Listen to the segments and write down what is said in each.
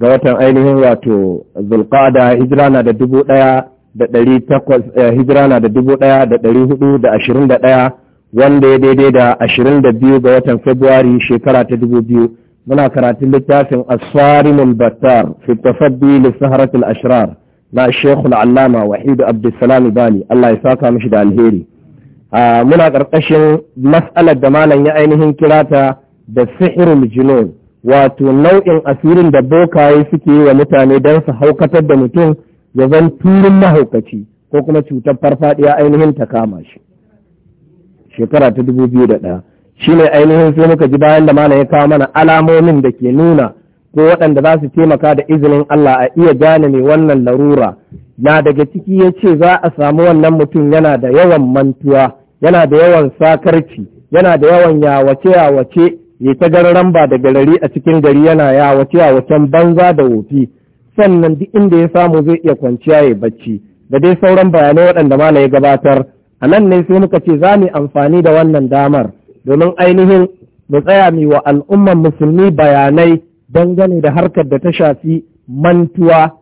ga watan ainihin wato zulqada hijira na da dubu ɗaya da ɗari takwas eh, hijira na da dubu ɗaya da ɗari hudu da ashirin da ɗaya wanda ya daidai da ashirin da biyu ga watan februari shekara ta dubu biyu muna karatun littafin asfarin battar fi tafaddi lissaharatul ashirar na shekul allama wahidu abdulsalam bali allah ya saka mishi da alheri ah, muna ƙarƙashin matsalar da malam ya ainihin kirata da sihirul junun wato nau'in asirin da bokaye suke yi wa mutane don su haukatar da mutum ya zan turin mahaukaci ko kuma cutar farfadiya ainihin ta kama shi shekara ta dubu biyu da ɗaya shi ne ainihin sai muka ji bayan da mana ya kawo mana alamomin da ke nuna ko waɗanda za su taimaka da izinin Allah a iya gane mai wannan larura na daga ciki ya ce za a samu wannan mutum yana da yawan mantuwa yana da yawan sakarci yana da yawan yawace yawace ya ta gararan ba da garari a cikin gari yana yawace wacan banza da wofi sannan duk inda ya samu zai iya kwanciya ya bacci da dai sauran bayanai waɗanda mala ya gabatar a nan ne sai muka ce za mu amfani da wannan damar domin ainihin mu tsaya mu wa al'ummar musulmi bayanai dangane da harkar da ta shafi mantuwa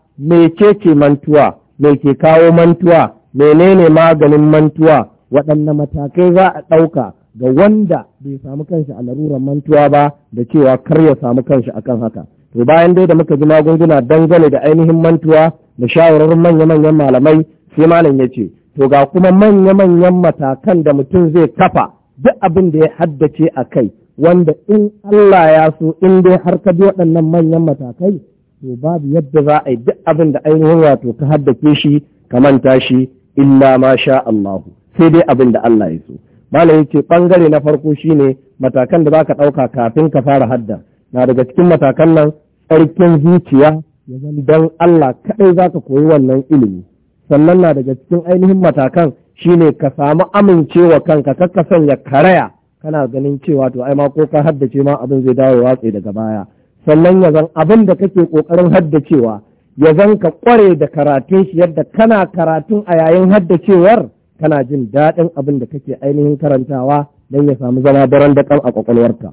ke mantuwa me ke kawo mantuwa menene maganin mantuwa waɗanne matakai za a ɗauka ga wanda bai samu kanshi a larurar mantuwa ba da cewa kar ya samu kanshi akan haka to bayan dai da muka ji magunguna dangane da ainihin mantuwa da shawararin manya-manyan malamai sai malam ya ce to ga kuma manya-manyan matakan da mutum zai kafa duk abin da ya haddace a kai wanda in Allah ya so in dai har ka bi waɗannan manyan matakai to babu yadda za a yi duk abin da ainihin wato ka haddace shi ka manta shi illa ma sha Allahu sai dai abin da Allah ya so malam yace bangare na farko shine matakan da zaka ɗauka kafin ka fara hadda na daga cikin matakan nan tsarkin zuciya ya zama dan Allah kadai zaka koyi wannan ilimi sannan na daga cikin ainihin matakan shine ka samu amincewa kanka kakka sanya karaya kana ganin cewa to ai ma ko ka haddace ma abin zai dawo watsi daga baya sannan ya zan abin da kake kokarin haddacewa ya zan ka kware da karatun shi yadda kana karatun a yayin haddacewar kana jin daɗin abin da kake ainihin karantawa don ya samu zama daren da a ƙwaƙwalwarka.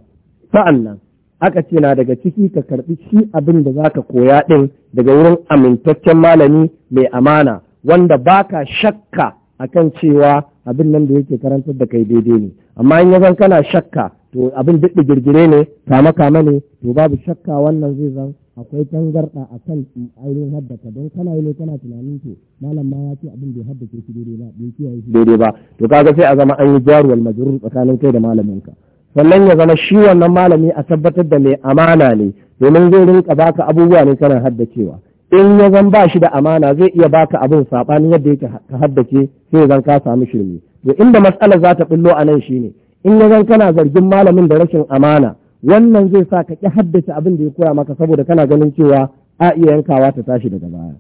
kwakwalwarka nan, aka ce na daga ciki ka karɓi shi abin da za ka koya ɗin daga wurin amintaccen malami mai amana wanda ba ka shakka a kan cewa abin nan da yake karantar da kai daidai ne amma in yazan kana shakka to abin duk girgire ne kama kama ne to babu shakka wannan zai zan akwai tangarɗa a kan ainihin haddaka don kana yi ne kana tunanin to malam ma ya ce abin bai haddake shi daidai ba bai kiyaye shi daidai ba to kaga sai a zama an yi jaruwal majrur tsakanin kai da malamin ka sannan ya zama shi wannan malami a tabbatar da mai amana ne domin zai rinka baka abubuwa ne kana haddacewa in ya zan ba shi da amana zai iya baka abin saɓanin yadda yake ka haddace sai zan ka samu shirme to inda matsalar za ta billo a nan shine in ya zan kana zargin malamin da rashin amana wannan zai sa ka ƙi haddace abin da ya koya maka saboda kana ganin cewa a iya yankawa ta tashi daga baya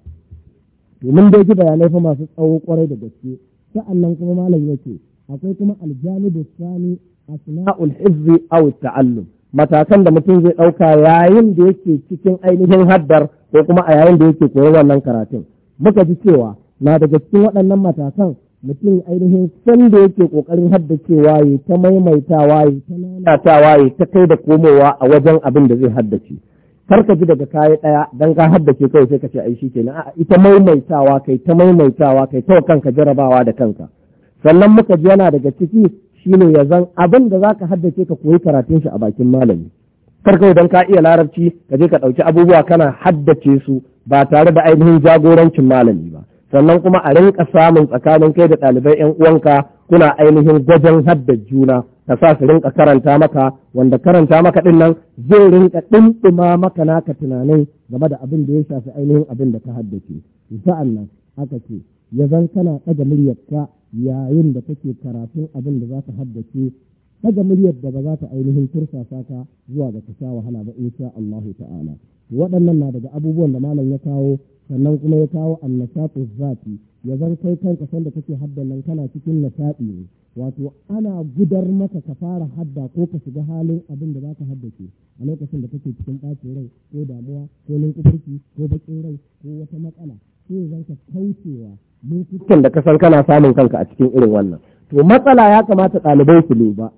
domin dai ji bayanai fa masu tsawo kwarai da gaske sa'annan kuma malam yake akwai kuma da sani asma'ul hizzi aw ta'allum matakan da mutum zai ɗauka yayin da yake cikin ainihin haddar ko kuma a yayin da yake koyar wannan karatun muka ji cewa na daga cikin waɗannan matakan mutum ainihin san da yake kokarin haddacewa ya ta maimaitawa ya ta lalatawa ya ta kai da komowa a wajen abin da zai haddace karka ji daga kayi ɗaya dan ka haddace kawai sai ka ce ai shikenan a'a ita maimaitawa kai ta maimaitawa kai ta kanka jarabawa da kanka sannan muka ji yana daga ciki shine ya zan abin da zaka haddace ka koyi karatun shi a bakin malami kar idan dan ka iya larabci ka je ka ɗauki abubuwa kana haddace su ba tare da ainihin jagorancin malami ba sannan kuma a rinka samun tsakanin kai da ɗalibai 'yan uwanka kuna ainihin gwajin haddar juna ka sa su rinka karanta maka wanda karanta maka ɗin nan zai rinka ɗimɗima maka naka tunanin game da abin da ya shafi ainihin abin da ka haddace sa'an nan aka ce ya zan kana ɗaga muryarka yayin da kake karatun abin da za ka haddace ɗaga muryar da ba za ta ainihin tursasa ka zuwa ga ka sha wahala ba insha Allah ta'ala waɗannan na daga abubuwan da malam ya kawo sannan kuma ya kawo annasatu zafi ya zan kai kanka da kake haddan nan kana cikin nasaɗi ne wato ana gudar maka ka fara hadda ko ka shiga halin abin da zaka ke a lokacin da kake cikin ɓacin rai ko damuwa ko ninkufurci ko baƙin rai ko wata matsala sai zan ka kaucewa lokacin da ka san kana samun kanka a cikin irin wannan to matsala ya kamata ɗalibai su ba.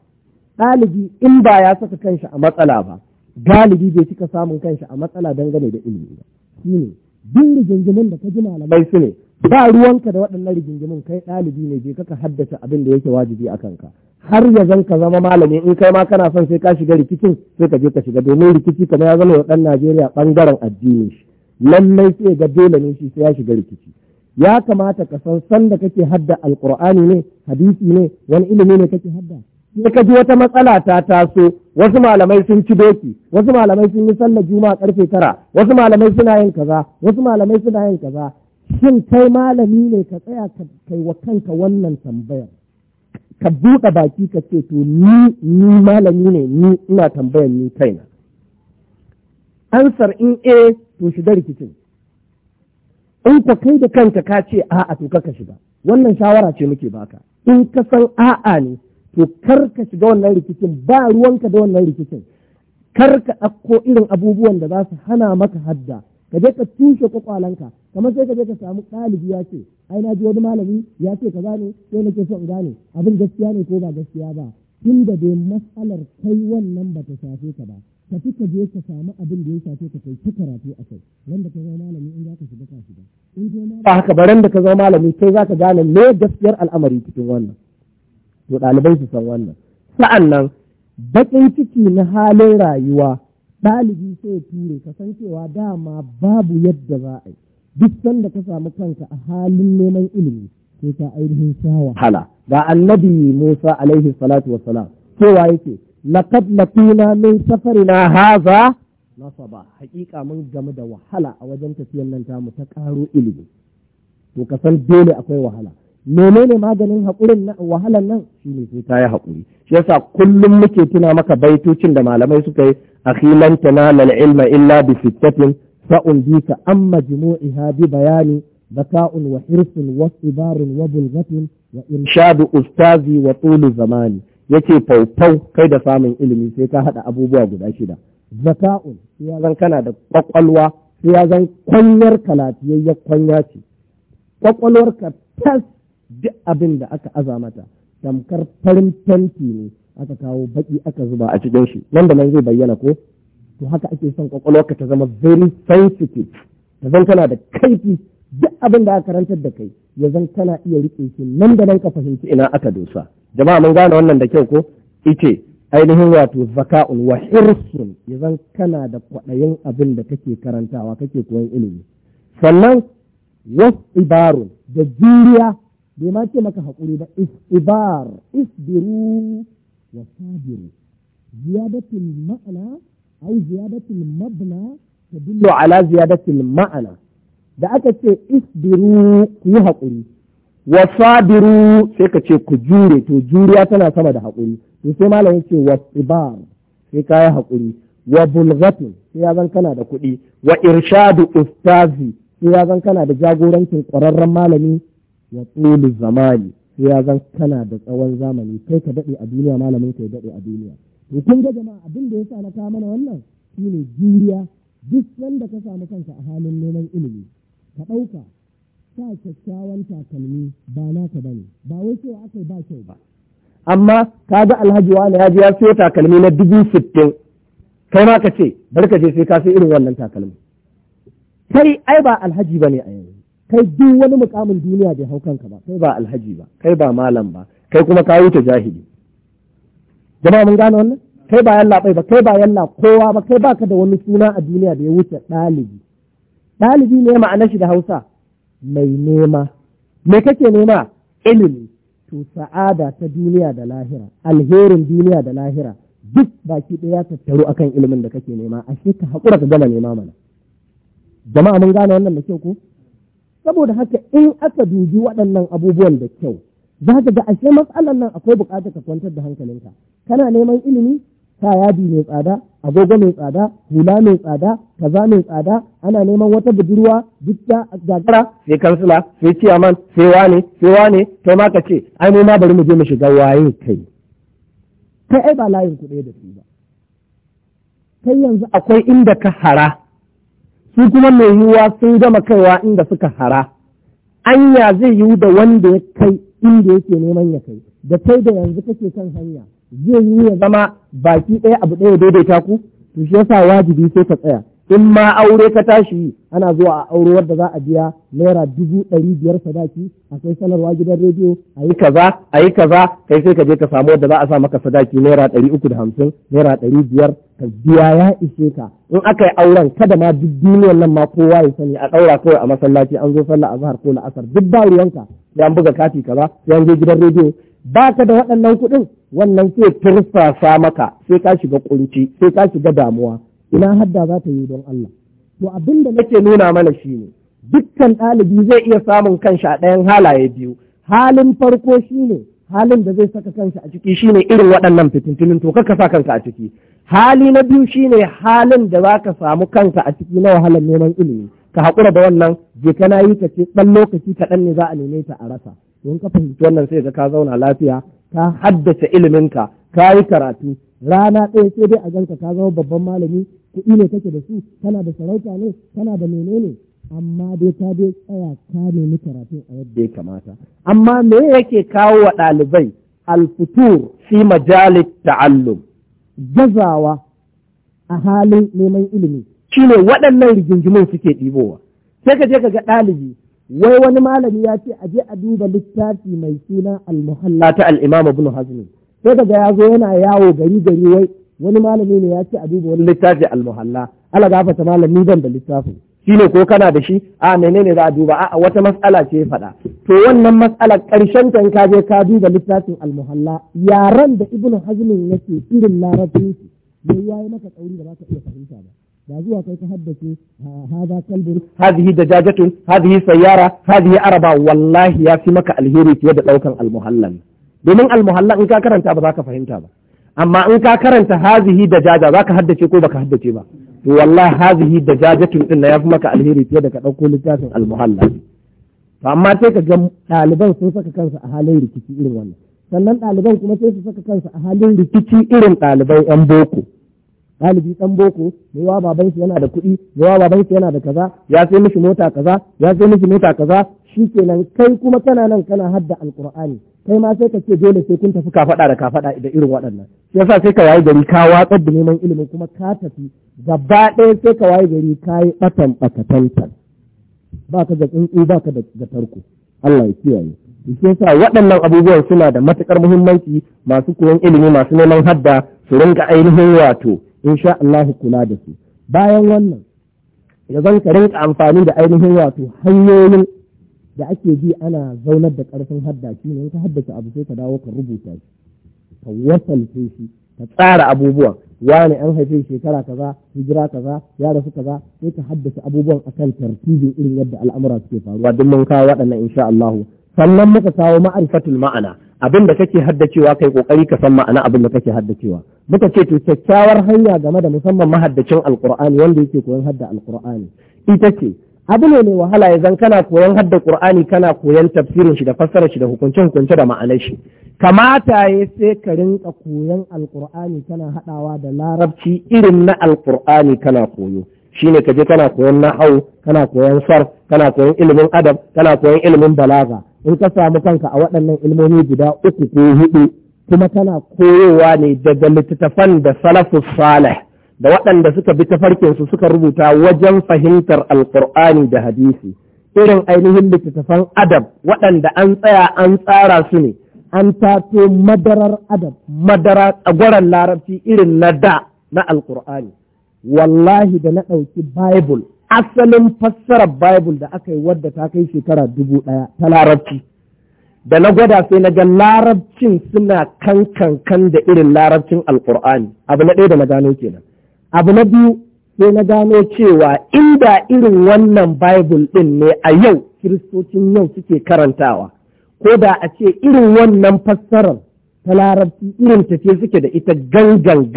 ɗalibi in ba ya saka kanshi a matsala ba galibi bai cika samun kanshi a matsala dangane da ilimi ba shine duk rigingimin da ka ji malamai su ne ba ruwanka da waɗannan rigingimin kai ɗalibi ne je kaka haddasa abin da yake wajibi a kanka har ya zan ka zama malami in kai ma kana son sai ka shiga rikicin sai ka je ka shiga domin rikici kamar ya zama wa ɗan Najeriya ɓangaren addini shi lallai sai ga dole ne shi sai ya shiga rikici ya kamata ka san sanda kake hadda alqur'ani ne hadisi ne wani ilimi ne kake hadda sai ka ji wata matsala ta taso wasu malamai sun ci doki wasu malamai sun yi sallar juma'a karfe tara wasu malamai suna yin kaza wasu malamai suna yin kaza shin kai malami ne ka tsaya ka kai wa kanka wannan tambayar ka buɗe baki ka ce to ni ni malami ne ni ina tambayar ni kaina ansar in eh to shiga rikicin in ka kai da kanka ka ce a'a to kaka shiga wannan shawara ce muke baka in ka san a'a ne to kar ka shiga wannan rikicin ba ruwanka da wannan rikicin kar ka ɗauko irin abubuwan da za su hana maka hadda ka je ka tushe kwakwalanka kamar sai ka je ka samu ɗalibi ya ce ai na ji wani malami ya ce ka gane sai nake so in gane abin gaskiya ne ko ba gaskiya ba tun da dai matsalar kai wannan ba ta shafe ka ba ka fi ka je ka samu abin da ya shafe ka kai ta karatu a kai wanda ka zama malami in za ka shiga ka shiga in ba haka ba randa da ka zama malami sai za ka gane me gaskiyar al'amari cikin wannan to ɗalibai su san wannan sa'an nan baƙin ciki na halin rayuwa ɗalibi sai ture kasancewa dama babu yadda za a yi duk sanda ka samu kanka a halin neman ilimi sai ka ainihin sha wahala ga annabi Musa alaihi salatu wa salam. cewa yake laqad laqina min safarina haza nasaba haƙiƙa mun game da wahala a wajen tafiyar nan tamu ta ƙaro ilimi to ka san dole akwai wahala menene maganin haƙurin na wahalan nan ne sai ta yi haƙuri shi yasa kullum muke tuna maka baitocin da malamai suka yi akhilan tanala ilma illa bi sittatin sa'un bi ka amma jumu'iha bi bayani zaka'un wa hirsun wa sibarun wa bulghatin wa irshadu ustazi wa tulu zamani yace faufau kai da samun ilimi sai ka haɗa abubuwa guda shida zaka'un sai ya zan kana da kwakwalwa sai ya zan kwanyar kalatiyayyar kwanya ce kwakwalwarka tas duk abin da aka aza mata tamkar farin fenti ne aka kawo baki aka zuba a cikin shi nan da nan zai bayyana ko to haka ake son kwakwalwarka ta zama very sensitive ta zan tana da kaifi duk abin da aka karantar da kai ya zan tana iya rike shi nan da nan ka fahimci ina aka dosa jama'a mun gane wannan da kyau ko ice ainihin wato zaka'un wa hirsun ya zan kana da kwaɗayin abin da kake karantawa kake koyon ilimi sannan wasu ibarun da juriya bai ma ce maka haƙuri ba Isibar isbiru wa sabiru ziyadatul ma'ana ai ziyadatul mabna tadullu ala ziyadatul ma'ana da aka ce isbiru ku yi haƙuri wa sabiru sai ka ce ku jure to juriya tana sama da haƙuri to sai malam yace wa istibar sai ka haƙuri wa bulghatin sai ya zan kana da kuɗi wa irshadu ustazi sai ya zan kana da jagorancin ƙwararren malami wa zamani sai ya zan kana da tsawon zamani kai ka daɗe a duniya malamin ka ya daɗe a duniya to kun ga jama'a abin da ya sa na ka mana wannan shine juriya duk wanda ka samu kanka a halin neman ilimi ka ɗauka sa kyakkyawan takalmi ba naka ne ba wai cewa aka ba kyau ba amma ka ga alhaji wani ya je ya siyo takalmi na dubu sittin kai ma ka ce barka je sai ka sai irin wannan takalmi kai ai ba alhaji bane a yanzu kai duk wani mukamin duniya bai hau kanka ba kai ba alhaji ba kai ba malam ba kai kuma ka wuce jahili jama'a mun gane wannan kai ba yalla bai ba kai ba yalla kowa ba kai baka da wani suna a duniya da ya wuce dalibi. Dalibi ne ma'ana shi da Hausa mai nema me kake nema ilimi to sa'ada ta duniya da lahira alherin duniya da lahira duk baki ɗaya tattaru akan ilimin da kake nema ashe ka hakura ka gama nema mana jama'a mun gane wannan da kyau ko saboda haka in aka dubi waɗannan abubuwan da kyau za ka ga ashe matsalar nan akwai buƙatar ka kwantar da hankalinka kana neman ilimi ta yadi mai tsada agogo mai tsada hula mai tsada kaza mai tsada ana neman wata budurwa duk gagara sai kansila sai ciyaman sai wane sai wane kai ma ka ce ai mu ma bari mu je mu shiga waye kai kai ai ba layin ku da su ba kai yanzu akwai inda ka hara su kuma mai yiwuwa sun gama kaiwa inda suka hara anya zai yiwu da wanda ya kai inda yake neman ya kai da kai da yanzu kake kan hanya zai yiwu ya zama baki ɗaya abu ɗaya daidaita ku to shi yasa wajibi sai ka tsaya in ma aure ka tashi ana zuwa a aure wadda za a biya naira dubu ɗari biyar sadaki a kai sanarwa gidan rediyo a yi kaza a yi kaza kai sai ka je ka samu wadda za a sa maka sadaki naira ɗari uku da hamsin naira ɗari biyar ka biya ya ishe ka in aka yi auren kada ma duk duniyar nan ma kowa ya sani a ɗaura kawai a masallaci an zo sallah azhar ko la'asar duk ba ruwanka sai an buga kati kaza sai an je gidan rediyo ba ka da waɗannan kuɗin wannan sai tursasa maka sai ka shiga ƙunci, sai ka shiga damuwa ina hadda za ta yi don Allah to abin da nake nuna mana shine dukkan ɗalibi zai iya samun kanshi a ɗayan halaye biyu halin farko shine halin da zai saka kanshi a ciki shine irin waɗannan fitintunin to ka sa kanka a ciki hali na biyu shine halin da za ka samu kanka a ciki na wahalar neman ilimi ka haƙura da wannan je na yi ka ce ɗan lokaci kaɗan ne za a neme ta a rasa don ka fahimci wannan sai ka zauna lafiya ka haddace iliminka ka yi karatu rana ɗaya sai dai a ganka ka zama babban malami kuɗi ne kake da su kana da sarauta ne kana da menene amma dai ta dai tsaya ka nemi karatu a yadda ya kamata amma me yake kawo wa ɗalibai alfutur fi majalis ta'allum gazawa a halin neman ilimi shine waɗannan rigingimun suke ɗibowa sai ka je ka ga ɗalibi wai wani malami ya ce a je a duba littafi mai suna al-muhalla ta al-imam ibn hazmi sai daga ya zo yana yawo gari gari wai wani malami ne ya ce a duba wani littafi almuhalla ala gafata malami ban da littafin shine ko kana da shi a menene za a duba a wata matsala ce faɗa to wannan mas'ala ƙarshen ta ka je ka duba littafin almuhalla yaran da ibnu hazmin yake irin larabcin shi bai yayi maka tsauri da ka iya fahimta ba da zuwa kai ka haddace hada kalbun hadhihi dajajatun hadhihi sayyara hadhihi araba wallahi ya fi maka alheri fiye da ɗaukan almuhallan domin almuhalla in ka karanta ba za ka fahimta ba amma in ka karanta hazihi da jaja za ka haddace ko baka haddace ba to wallahi hazihi da jaja tun din ya fi maka alheri fiye da ka ɗauko littafin almuhalla to amma sai ka ga ɗaliban sun saka kansu a halin rikici irin wannan sannan ɗaliban kuma sai su saka kansu a halin rikici irin ɗaliban yan boko ɗalibi ɗan boko mai wa baban yana da kuɗi mai wa baban yana da kaza ya sai mishi mota kaza ya sai mishi mota kaza Shi nan kai kuma kana nan kana hadda Alkur'ani, kai ma sai ka ce dole sai kun tafi kafaɗa da kafaɗa da irin waɗannan shi yasa sai ka wayi gari ka watsar da neman ilimin kuma ka tafi gaba ɗaya sai ka wayi gari ka yi ɓatan ɓatatantan ba ka da tsuntsu ba ka da tarko Allah ya kiyaye shi yasa waɗannan abubuwan suna da matuƙar muhimmanci masu koyon ilimi masu neman hadda su rinka ainihin wato insha Allah kula da su bayan wannan ya zan ka rinka amfani da ainihin wato hanyoyin da ake ji ana zaunar da ƙarfin hadda shi ne ka haddace abu sai ka dawo ka rubuta shi ka wasalce shi ka tsara abubuwan wani an haife shekara kaza hijira kaza ya rasu kaza sai ka haddace abubuwan akan tartibin irin yadda al'amura suke faruwa duk mun kawo waɗannan insha Allah sannan muka kawo ma'arifatul ma'ana abin da kake haddacewa kai kokari ka san ma'ana abin da kake haddacewa muka ce to kyakkyawar hanya game da musamman mahaddacin alqur'ani wanda yake koyon hadda alqur'ani ita ce abu ne mai wahala ya zan kana koyan hadda qur'ani kana koyan tafsirin shi da fassarar shi da hukunce hukunce da ma'anar shi kamata ya sai ka rinka koyan alqur'ani kana haɗawa da larabci irin na alqur'ani kana koyo shine ka je kana koyan nahau kana koyan sar, kana koyan ilimin adab kana koyan ilimin balaga in ka samu kanka a waɗannan ilmomi guda uku ko hudu kuma kana koyowa ne daga littattafan da salafus salih da waɗanda suka bi tafarkinsu suka rubuta wajen fahimtar alkur'ani da hadisi irin ainihin littattafan adab waɗanda an tsaya an tsara su ne an tato madarar adab madara gwaran larabci irin na da na alkur'ani wallahi da na ɗauki bible asalin fassarar bible da aka yi wadda ta kai shekara dubu ɗaya ta larabci da na gwada sai na ga larabcin suna kankan kan da irin larabcin alkur'ani abu na ɗaya da na gano kenan abu na biyu sai na gano cewa inda irin wannan bible ɗin ne a yau kiristocin yau suke karantawa ko da a ce irin wannan fassarar ta larabci irin ta ce suke da ita gangan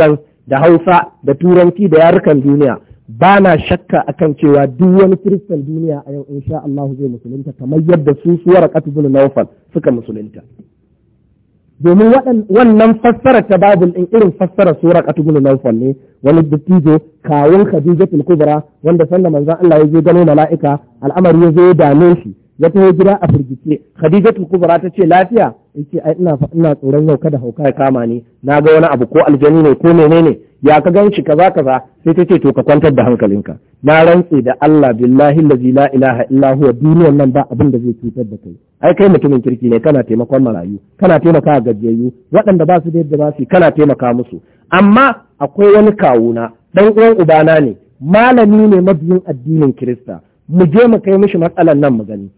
da hausa da turanci da yarukan duniya ba na shakka kan cewa duk wani kiristan duniya a yau in sha Allah zai musulunta kamar yadda su suwar katubul naufal suka musulunta domin wannan fassara ta babul in irin fassara sura katubul nawfal ne wani dattijo kawun khadijatul kubra wanda sanda manzon Allah ya je gano mala'ika al'amari ya zo ya dame shi ya taho gida a firgice khadijatul kubra ta ce lafiya yace ai ina ina tsoron yau kada hauka ya kama ni na ga wani abu ko aljani ne ko menene ya ka gan shi kaza kaza sai ta ce to ka kwantar da hankalinka na rantse da Allah billahi lazi la ilaha illa huwa duniyar nan ba abin da zai cutar da kai ai kai mutumin kirki ne kana taimakon marayu kana taimaka gajiyayyu waɗanda ba su da yadda ba su kana taimaka musu amma akwai wani kawuna dan uwan ubana ne malami ne mabiyin addinin kirista mu je mu kai mishi matsalan nan mu gani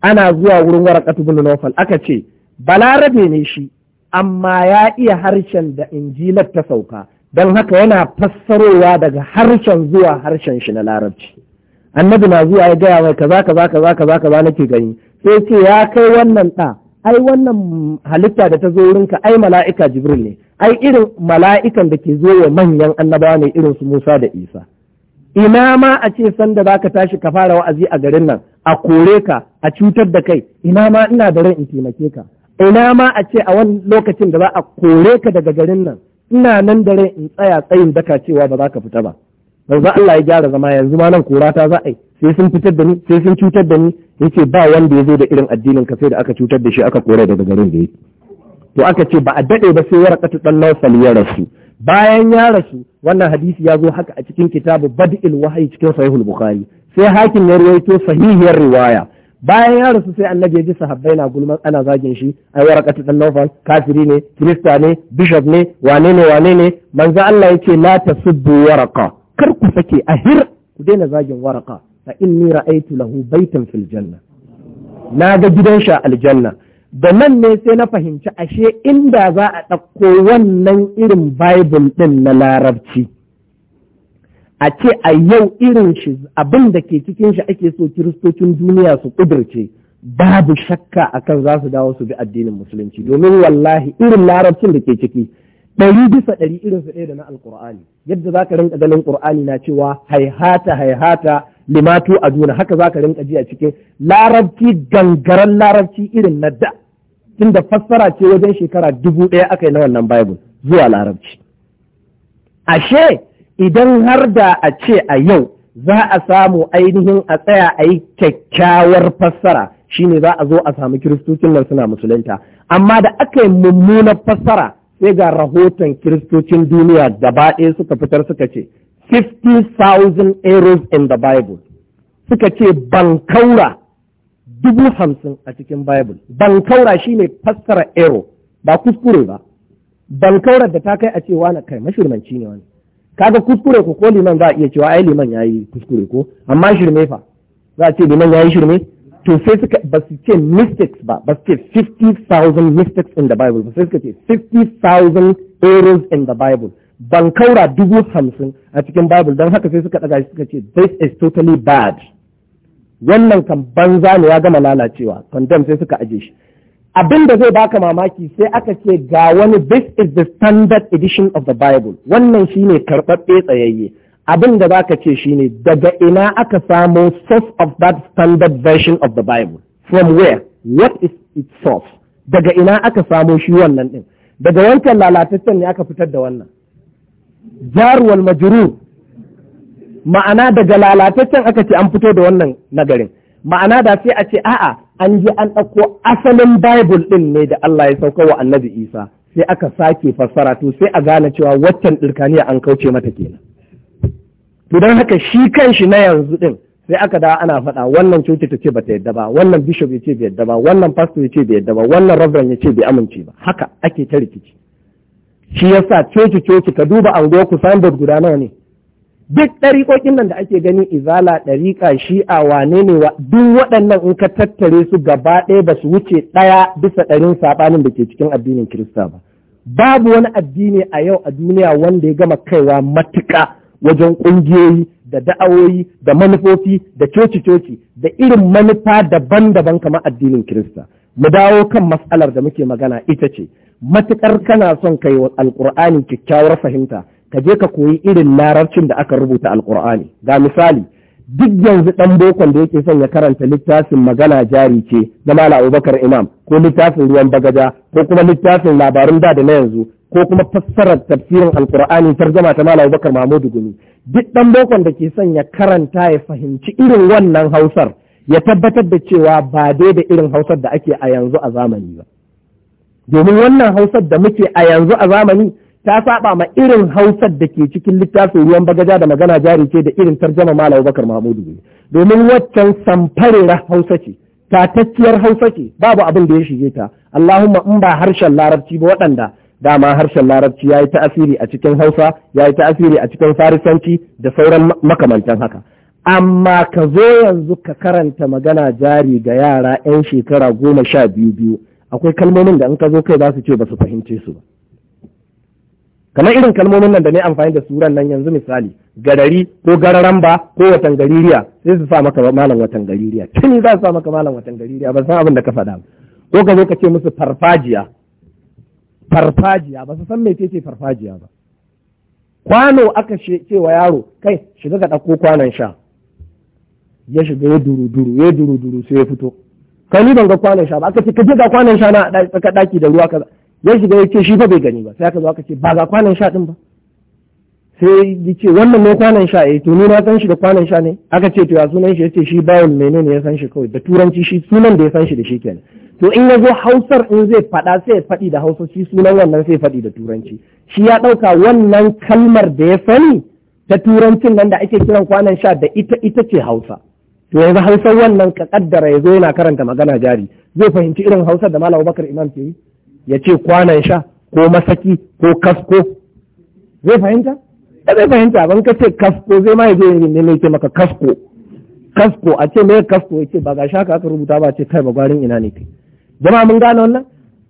ana zuwa wurin warakatu bin nofal aka ce balarabe ne shi amma ya iya harshen da injilar ta sauka don haka yana fassarowa daga harshen zuwa harshen shi na larabci annabi na zuwa ya gaya mai kaza kaza kaza kaza kaza nake gani sai ce ya kai wannan ɗa ai wannan halitta da ta zo wurinka ai mala'ika jibril ne ai irin mala'ikan da ke zo wa manyan annabawa ne irin su Musa da Isa ina ma a ce sanda zaka tashi ka fara wa'azi a garin nan a kore ka a cutar da kai ina ma ina da ran in taimake ka ina ma a ce a wani lokacin da za a kore ka daga garin nan ina nan da rai in tsaya tsayin daka cewa ba za ka fita ba yanzu Allah ya gyara zama yanzu ma nan kura ta za a yi sai sun fitar da ni sai sun cutar da ni yace ba wanda ya zo da irin addinin ka sai da aka cutar da shi aka kore daga garin da yake to aka ce ba a daɗe ba sai warqatu dan nawfal ya rasu bayan ya rasu wannan hadisi ya zo haka a cikin kitabu bad'il wahayi cikin sahihul bukhari sai hakim ya rawaito sahihiyar riwaya bayan ya rasu sai annabi ya ji sahabbai na gulman ana zagin shi ai warakatu dan nawfal kafiri ne kirista ne bishop ne wane ne wane ne manzo Allah yace la tasubbu waraka kar ku sake ahir ku daina zagin waraka fa inni ra'aytu lahu baitan fil janna na ga gidan sha aljanna da nan ne sai na fahimci ashe inda za a ɗauko wannan irin bible din na larabci a ce a yau irin shi abin da ke cikin shi ake so kiristocin duniya su ƙudurce babu shakka akan za su dawo su bi addinin musulunci domin wallahi irin larabcin da ke ciki ɗari bisa ɗari irin su ɗaya da na alƙur'ani yadda za ka rinka ganin ƙur'ani na cewa haihata haihata limatu a juna haka za ka rinka ji a cikin larabci gangaren larabci irin na da tunda fassara ce wajen shekara dubu ɗaya aka yi na wannan bible zuwa larabci ashe idan har da a ce a yau za a samu ainihin a tsaya a yi kyakkyawar fassara ne za a zo a samu kiristocin nan suna musulunta amma da aka yi mummunar fassara sai ga rahoton kiristocin duniya gaba ɗaya suka fitar suka ce 50,000 in the bible suka ce bankaura dubu hamsin a cikin bible bankaura ne fassara Ero. ba kuskure ba bankaura da ta kai a cewa na kai mashirmanci ne wani kaga kuskure ko ko liman za a iya cewa ai liman yayi kuskure ko amma shirme fa za a ce liman yayi shirme to sai suka ba su ce mistakes ba ba su ce 50,000 mistakes in the bible ba sai suka ce 50,000 errors in the bible ban kaura dubu hamsin a cikin bible don haka sai suka daga shi suka ce this is totally bad wannan kan banza ne ya gama lalacewa condemn sai suka aje shi abin da zai baka mamaki sai aka ce ga wani this is the standard edition of the bible wannan shine karɓaɓɓe tsayayye abin da zaka ce shine daga ina aka samo source of that standard version of the bible from where what is its source daga ina aka samo shi wannan din daga wancan lalataccen ne aka fitar da wannan jaruwal majrur ma'ana daga lalataccen aka ce an fito da wannan nagarin ma'ana da sai a ce a'a an ji an ɗauko asalin bible ɗin ne da Allah ya sauka wa annabi isa sai aka sake fassara to sai a gane cewa waccan ɗirkaniya an kauce mata kenan to don haka shi kan shi na yanzu ɗin sai aka dawo ana faɗa wannan coci ta ce bata yadda ba wannan bishop ya ce bai yadda ba wannan pastor ya ce bai yadda ba wannan reverend ya ce bai amince ba haka ake ta rikici shi yasa coci coci ka duba anguwa ku signboard guda nawa ne duk ɗariƙoƙin nan da ake gani izala ɗariƙa shi'a wane ne wa duk waɗannan in ka tattare su gaba ɗaya ba su wuce ɗaya bisa ɗarin saɓanin da ke cikin addinin kirista ba babu wani addini a yau a duniya wanda ya gama kaiwa matuƙa wajen ƙungiyoyi da da'awoyi da manufofi da coci-coci da irin manufa daban-daban kamar addinin kirista mu dawo kan matsalar da muke magana ita ce matuƙar kana son kai wa alƙur'ani kyakkyawar fahimta ka je ka koyi irin larabcin da aka rubuta alkur'ani ga misali duk yanzu ɗan bokon da yake son ya karanta littafin magana jari ce na mala abubakar imam ko littafin ruwan bagaja ko kuma littafin labarun da da na yanzu ko kuma fassarar tafsirin alkur'ani tarjama ta mala abubakar mahmudu gumi duk ɗan bokon da ke son ya karanta ya fahimci irin wannan hausar ya tabbatar da cewa ba dai da irin hausar da ake a yanzu a zamani ba domin wannan hausar da muke a yanzu a zamani ta saba ma irin hausar da ke cikin littafin ruwan bagaja da magana jari ce da irin tarjama malam bakar mahmudu ne domin waccan samfarera hausa ce tatacciyar hausa ce babu abin da ya shige ta allahumma in ba harshen larabci ba waɗanda dama harshen larabci ya yi ta'asiri a cikin hausa ya yi ta'asiri a cikin farisanci da sauran makamantan haka amma ka zo yanzu ka karanta magana jari ga yara 'yan shekara goma sha biyu biyu akwai kalmomin da in ka zo kai za su ce ba su fahimce su ba kamar irin kalmomin nan da ne amfani da suran nan yanzu misali garari ko gararan ba ko watan gaririya sai su sa maka malam watan gaririya tuni za su sa maka malam watan gaririya ba san abin da ka faɗa ba. ko ka zo ka ce musu farfajiya farfajiya ba su san me ce farfajiya ba kwano aka ce wa yaro kai shiga ka ɗauko kwanon sha ya shiga ya duru duru ya duru duru sai ya fito kai ni ban ga kwanon sha ba aka ce ka je ga kwanon sha na tsaka daki da ruwa kaza zai shiga ya ce shi fa bai gani ba sai aka zo aka ce ba ga kwanan sha din ba sai ya ce wannan ne kwanan sha eh to ni na san shi da kwanan sha ne aka ce to ya sunan shi yace shi bawon menene ya san shi kawai da turanci shi sunan da ya san shi da shi kenan to in yazo hausar in zai faɗa sai ya faɗi da hausa shi sunan wannan sai faɗi da turanci shi ya ɗauka wannan kalmar da ya sani ta turancin nan da ake kiran kwanan sha da ita ita ce hausa to yanzu hausar wannan ka kaddara ya zo yana karanta magana jari zai fahimci irin hausar da malam bakar imam ke yi ya ce kwanan sha ko masaki ko kasko zai fahimta Ya zai fahimta ban ka ce kasko zai ma yaje ne mai ce maka kasko kasko a ce mai kasko ya ce ba ga shaka aka rubuta ba ce kai ba gwarin ina ne kai Jama mun gane wannan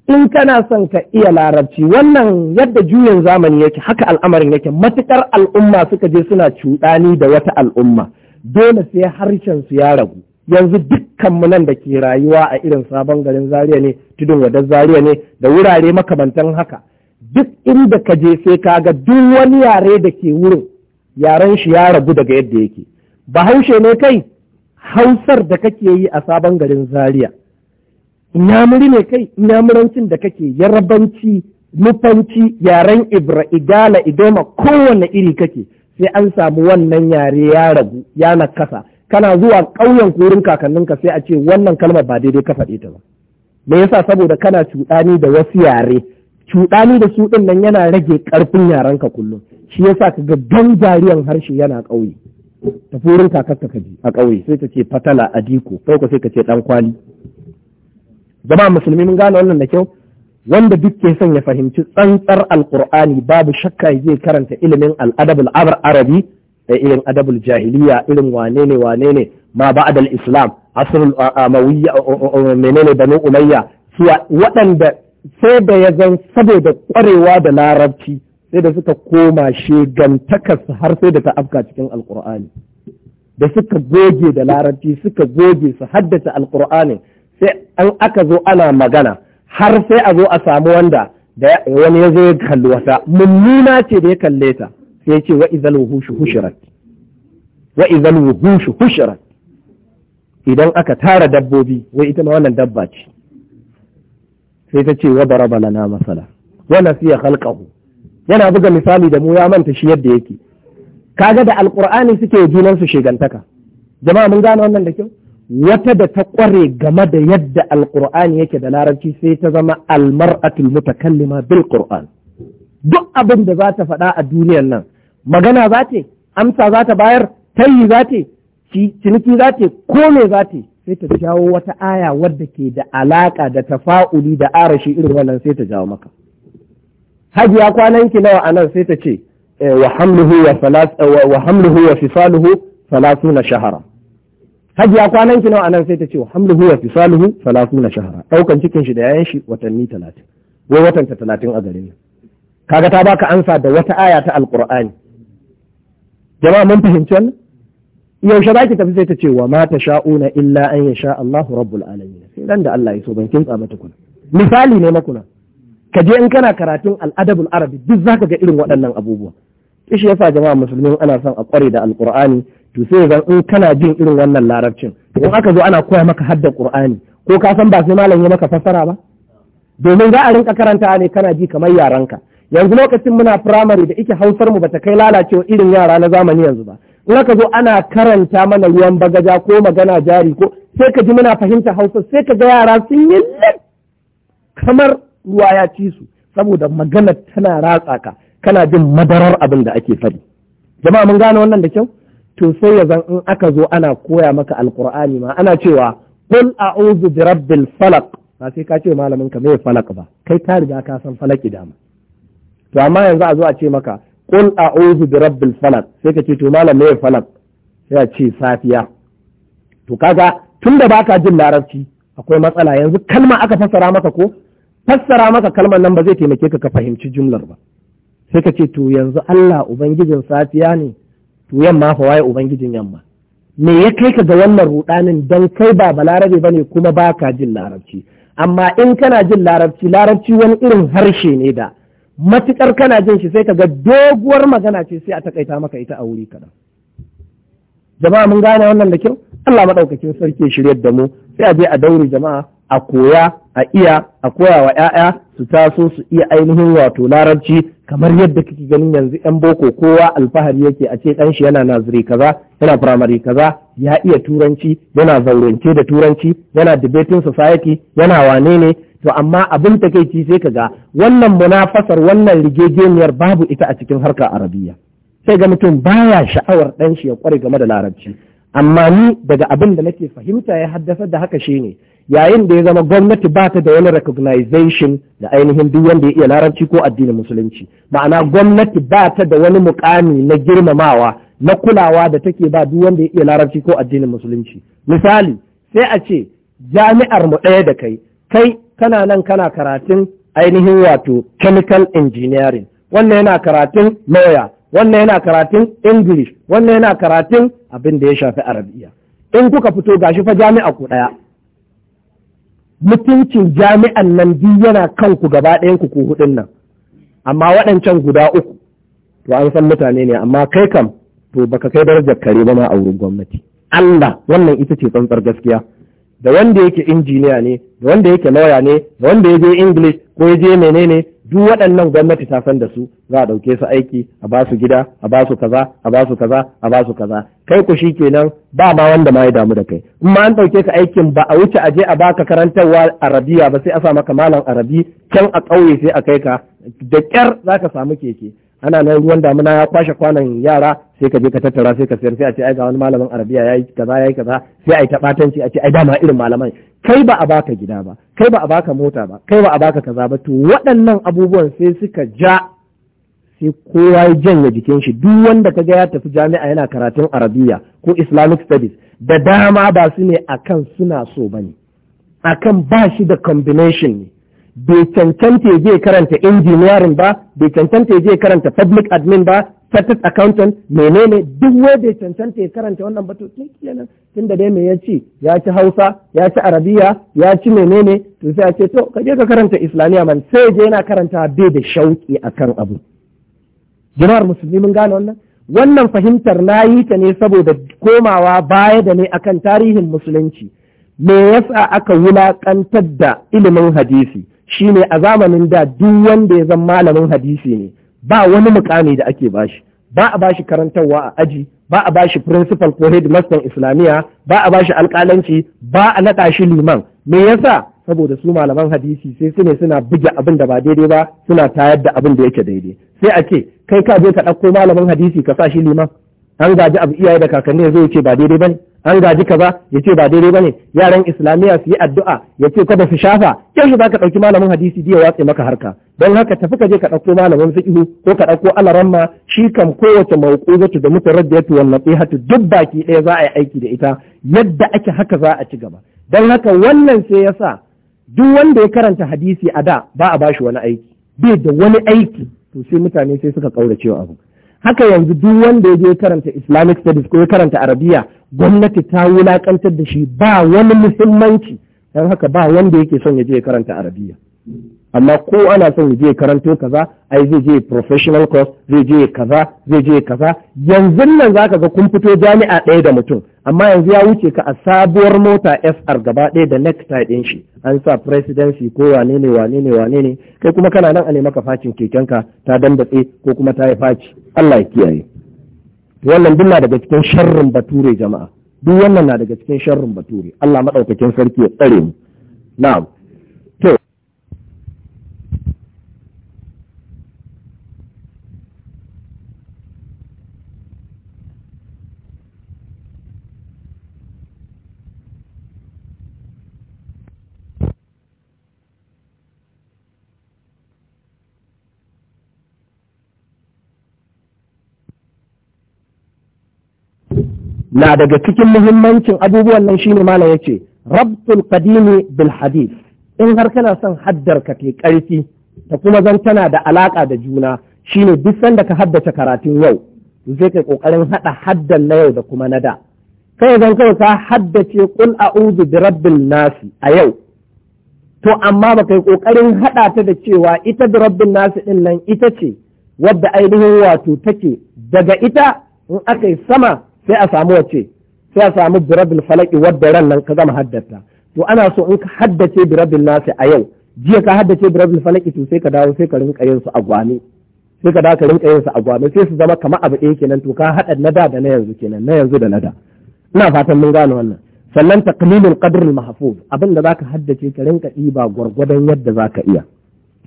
in kana son ka iya larabci wannan yadda juyin zamani yake haka al'amarin yake matukar al'umma suka je suna cuɗani da wata al'umma dole sai harshen su ya ragu yanzu dukkanmu nan da ke rayuwa a irin sabon garin Zariya ne tudun wadar Zariya ne da wurare makamantan haka duk inda ka je sai ka ga duk wani yare da ke wurin yaren shi ya rabu daga yadda yake bahaushe ne kai hausar da kake yi a sabon garin Zariya, inyamuri ne kai inyamurancin da kake yarabanci nufanci yaren ibra igala idoma kowane iri kake sai an samu wannan yare ya ragu ya nakasa kana zuwa ƙauyen kurin kakanninka sai a ce wannan kalmar ba daidai ka faɗi ta ba me yasa saboda kana cuɗani da wasu yare cuɗani da su ɗin nan yana rage ƙarfin yarenka kullum shi yasa kaga ga jariyan harshe yana ƙauye ta furin kakar ka kaji a ƙauye sai ta ce fatala adiko kai ko sai ka ce ɗan kwali zama musulmi mun gane wannan da kyau wanda duk ke son ya fahimci tsantsar alƙur'ani babu shakka zai karanta ilimin al'adab al-arabi da irin adabul jahiliya irin wane ne wane ne ma ba'dal islam asrul amawiyya menene banu umayya suwa waɗanda sai da ya zan saboda kwarewa da larabci sai da suka koma shegantakas har sai da ta afka cikin alkur'ani da suka goge da larabci suka goge su haddace alkur'ani sai an aka zo ana magana har sai a zo a samu wanda da wani ya zo ya kalli wata mummuna ce da ya kalle ta sai ce wa wuhushu hushirat idan aka tara dabbobi wai ita wannan dabba ce sai ta ce wa daraba lana masala wa nasiya khalqahu yana buga misali da mu ya manta shi yadda yake kaga da alqur'ani suke junan su shegantaka jama'a mun gane wannan da kyau wata da ta kware game da yadda alkur'ani yake da larabci sai ta zama almar'atul mutakallima bil qur'an duk abin da za ta faɗa a duniyar nan magana za ta amsa za ta bayar tayi za ta ciniki za ta ko me za ta sai ta jawo wata aya wadda ke da alaka da tafa'uli da arashi irin wannan sai ta jawo maka hajiya kwanan ki nawa anan sai ta ce eh, wa hamluhu wa salas eh, wa hamluhu wa fisaluhu salasuna shahara hajiya kwanan ki nawa anan sai ta ce wa hamluhu wa fisaluhu salasuna shahara daukan cikin shi da yayan shi watanni 30 wai watan ta 30 a garin kaga ta baka ansa da wata aya ta alqur'ani jama'a mun fahimci wannan yaushe za ki tafi sai ta ce wa ma ta sha'una illa an ya sha Allahu rabbul alamin sai dan da Allah ya so ban kintsa mata kuna misali ne makuna ka je in kana karatun al'adabul arabi duk zaka ga irin waɗannan abubuwa kishi yasa jama'a musulmi ana son a ƙware da alqur'ani to sai zan in kana jin irin wannan larabcin in aka zo ana koya maka hadda qur'ani ko ka san ba sai malam ya maka fassara ba domin za a rinka karanta ne kana ji kamar yaranka yanzu lokacin muna firamare da ike hausar mu bata kai lalacewa irin yara na zamani yanzu ba in aka zo ana karanta mana ruwan bagaja ko magana jari ko sai ka ji muna fahimta hausa sai ka ga yara sun yi kamar ruwa ya ci su saboda magana tana ratsa ka kana jin madarar abin da ake faɗi jama'a mun gane wannan da kyau to sai ya zan in aka zo ana koya maka Alkur'ani ma ana cewa qul a'udhu bi rabbil falaq ba sai ka ce malamin ka me falaq ba kai ka riga ka san falaki dama to amma yanzu a zo a ce maka qul a'udhu bi rabbil falaq sai ka ce to malam me falaq sai a ce safiya to kaga tunda baka jin larabci akwai matsala yanzu kalma aka fassara maka ko fassara maka kalman nan ba zai taimake ka ka fahimci jumlar ba sai ka ce to yanzu Allah ubangijin safiya ne to yamma fa waye ubangijin yamma me ya kai ka ga wannan rudanin dan kai ba balarabe bane kuma baka jin larabci amma in kana jin larabci larabci wani irin harshe ne da matukar kana jin shi sai ka ga doguwar magana ce sai a takaita maka ita a wuri kaɗan jama'a mun gane wannan da kyau Allah maɗaukakin sarki shiryar da mu sai a je a daure jama'a a koya a iya a koya wa 'ya'ya su taso su iya ainihin wato larabci kamar yadda kake ganin yanzu yan boko kowa alfahari yake a ce ɗan shi yana naziri kaza yana firamare kaza ya iya turanci yana zaurance da turanci yana debating society yana wane ne to amma abin takeici sai ka ga wannan munafasar wannan rigegeniyar babu ita a cikin harkar arabiya sai ga mutum baya sha'awar ɗanshi shi ya kware game da larabci amma ni daga abin da nake fahimta ya haddasa da haka shine yayin da ya zama gwamnati ba ta da wani recognition da ainihin duk wanda ya iya larabci ko addinin musulunci ma'ana gwamnati ba ta da wani mukami na girmamawa na kulawa da take ba duk wanda ya iya larabci ko addinin musulunci misali sai a ce jami'ar mu ɗaya da kai kai kana nan kana karatun ainihin wato chemical engineering wannan yana karatun lawyer wannan yana karatun english wannan yana karatun abin da ya shafi arabiya in kuka fito ga shi fa jami'a ku ɗaya mutuncin jami'an nan biyu yana kanku gaba ɗayan ku hudun nan amma waɗancan guda uku to an san mutane ne amma kai kam to baka kai darajar kare ba ma a wurin gwamnati Allah wannan ita ce tsantsar gaskiya da wanda yake injiniya ne da wanda yake lawyer ne da wanda ya je english ko ya je menene duk waɗannan gwamnati ta san da su za a ɗauke su aiki a ba su gida a ba su kaza a ba su kaza a ba su kaza kai ku shi kenan ba ma wanda ma ya damu da kai in ma an ɗauke ka aikin ba a wuce a je a baka karantarwa arabiya ba sai a sa maka malam arabi can a ƙauye sai a kai ka da ƙyar za ka samu keke ana nan ruwan damuna ya kwashe kwanan yara sai ka je ka tattara sai ka sayar sai a ce ai ga wani malamin arabiya yayi kaza yayi kaza sai ai ta a ce ai dama irin malaman kai ba a baka gida ba kai ba a baka mota ba kai ba a baka kaza ba to waɗannan abubuwan sai suka ja sai kowa ya janye jikin shi duk wanda ka ga ya tafi jami'a yana karatun arabiya ko islamic studies da dama ba su ne akan suna so ba ne. akan ba shi da combination ne bai cancanta ya je karanta injiniyarin ba bai cancanta ya je karanta public admin ba status accountant menene duk wai bai cancanta ya karanta wannan batu tun kenan tun da dai me ya ci ya ci hausa ya ci arabiya ya ci menene to sai a ce to ka je ka karanta Islamiyya man sai je yana karanta bai da shauki akan abu jama'ar musulmi mun gane wannan wannan fahimtar na yi ta ne saboda komawa baya da ne akan tarihin musulunci me yasa aka wulakantar da ilimin hadisi Shi ne a zamanin da duk wanda ya zama malamin hadisi ne ba wani mukami da ake bashi ba a bashi karantarwa a aji ba a bashi principal ko headmaster islamiyya ba a bashi alƙalanci ba a naɗa shi liman me yasa saboda su malaman hadisi sai su ne suna buge abin da ba daidai ba suna tayar da abin da yake daidai sai a ce kai ka je ka ɗauko malamin hadisi ka sa shi liman an gaji abu iyaye da kakanni zai ce ba daidai ba ne an gaji kaza ya ce ba daidai ne. yaran islamiyya su yi addu'a ya ce ba su shafa yanzu za ka ɗauki malamin hadisi biya watse maka harka don haka tafi ka je ka ɗauko malamin fiqhu ko ka ɗauko ma shi kan kowace mawquzatu da mutaraddiyatu wan nasihatu duk baki ɗaya za a yi aiki da ita yadda ake haka za a ci gaba don haka wannan sai yasa duk wanda ya karanta hadisi a da ba a bashi wani aiki bai da wani aiki to sai mutane sai suka kaurace abu haka yanzu duk wanda ya je karanta islamic studies ko ya karanta arabiya gwamnati ta wulakantar da shi ba wani musulmanci don haka ba wanda yake son ya je karanta arabiya amma ko ana son ya je karanto kaza ai zai je professional course zai je kaza zai je kaza yanzu nan zaka ga kun fito jami'a ɗaya da mutum amma yanzu ya wuce ka a sabuwar mota FR gaba ɗaya da necktie ɗin shi an sa presidency ko wane ne wane ne wane ne kai kuma kana nan a ne maka facin kekenka ta dandatse ko kuma ta yi faci Allah ya kiyaye wannan duk na daga cikin sharrin bature jama'a duk wannan na daga cikin sharrin bature Allah madaukakin sarki ya tsare mu na'am na daga cikin muhimmancin abubuwan nan shine malam yace rabtul qadimi bil hadith in har kana son haddar ka ke karfi ta kuma zan tana da alaka da juna shine duk sanda ka haddace karatun yau zai kai kokarin hada haddan na yau da kuma na da kai zan kai ka haddace qul a'udhu bi rabbil nas a yau to amma ba kai kokarin hada ta da cewa ita da rabbin nasi din nan ita ce wadda ainihin wato take daga ita in aka yi sama sai a samu wace sai a samu birabil falaki wadda ran nan ka gama haddata to ana so in ka haddace birabil nasi a yau jiya ka haddace birabil falaki to sai ka dawo sai ka rinka yin su a gwani sai ka dawo ka rinka yin su a gwani sai su zama kamar abu ɗaya kenan to ka haɗa na da da na yanzu kenan na yanzu da na da ina fatan mun gane wannan sannan taqlilul qadr mahfuz abin da zaka haddace ka rinka ɗiba gwargwadon yadda zaka iya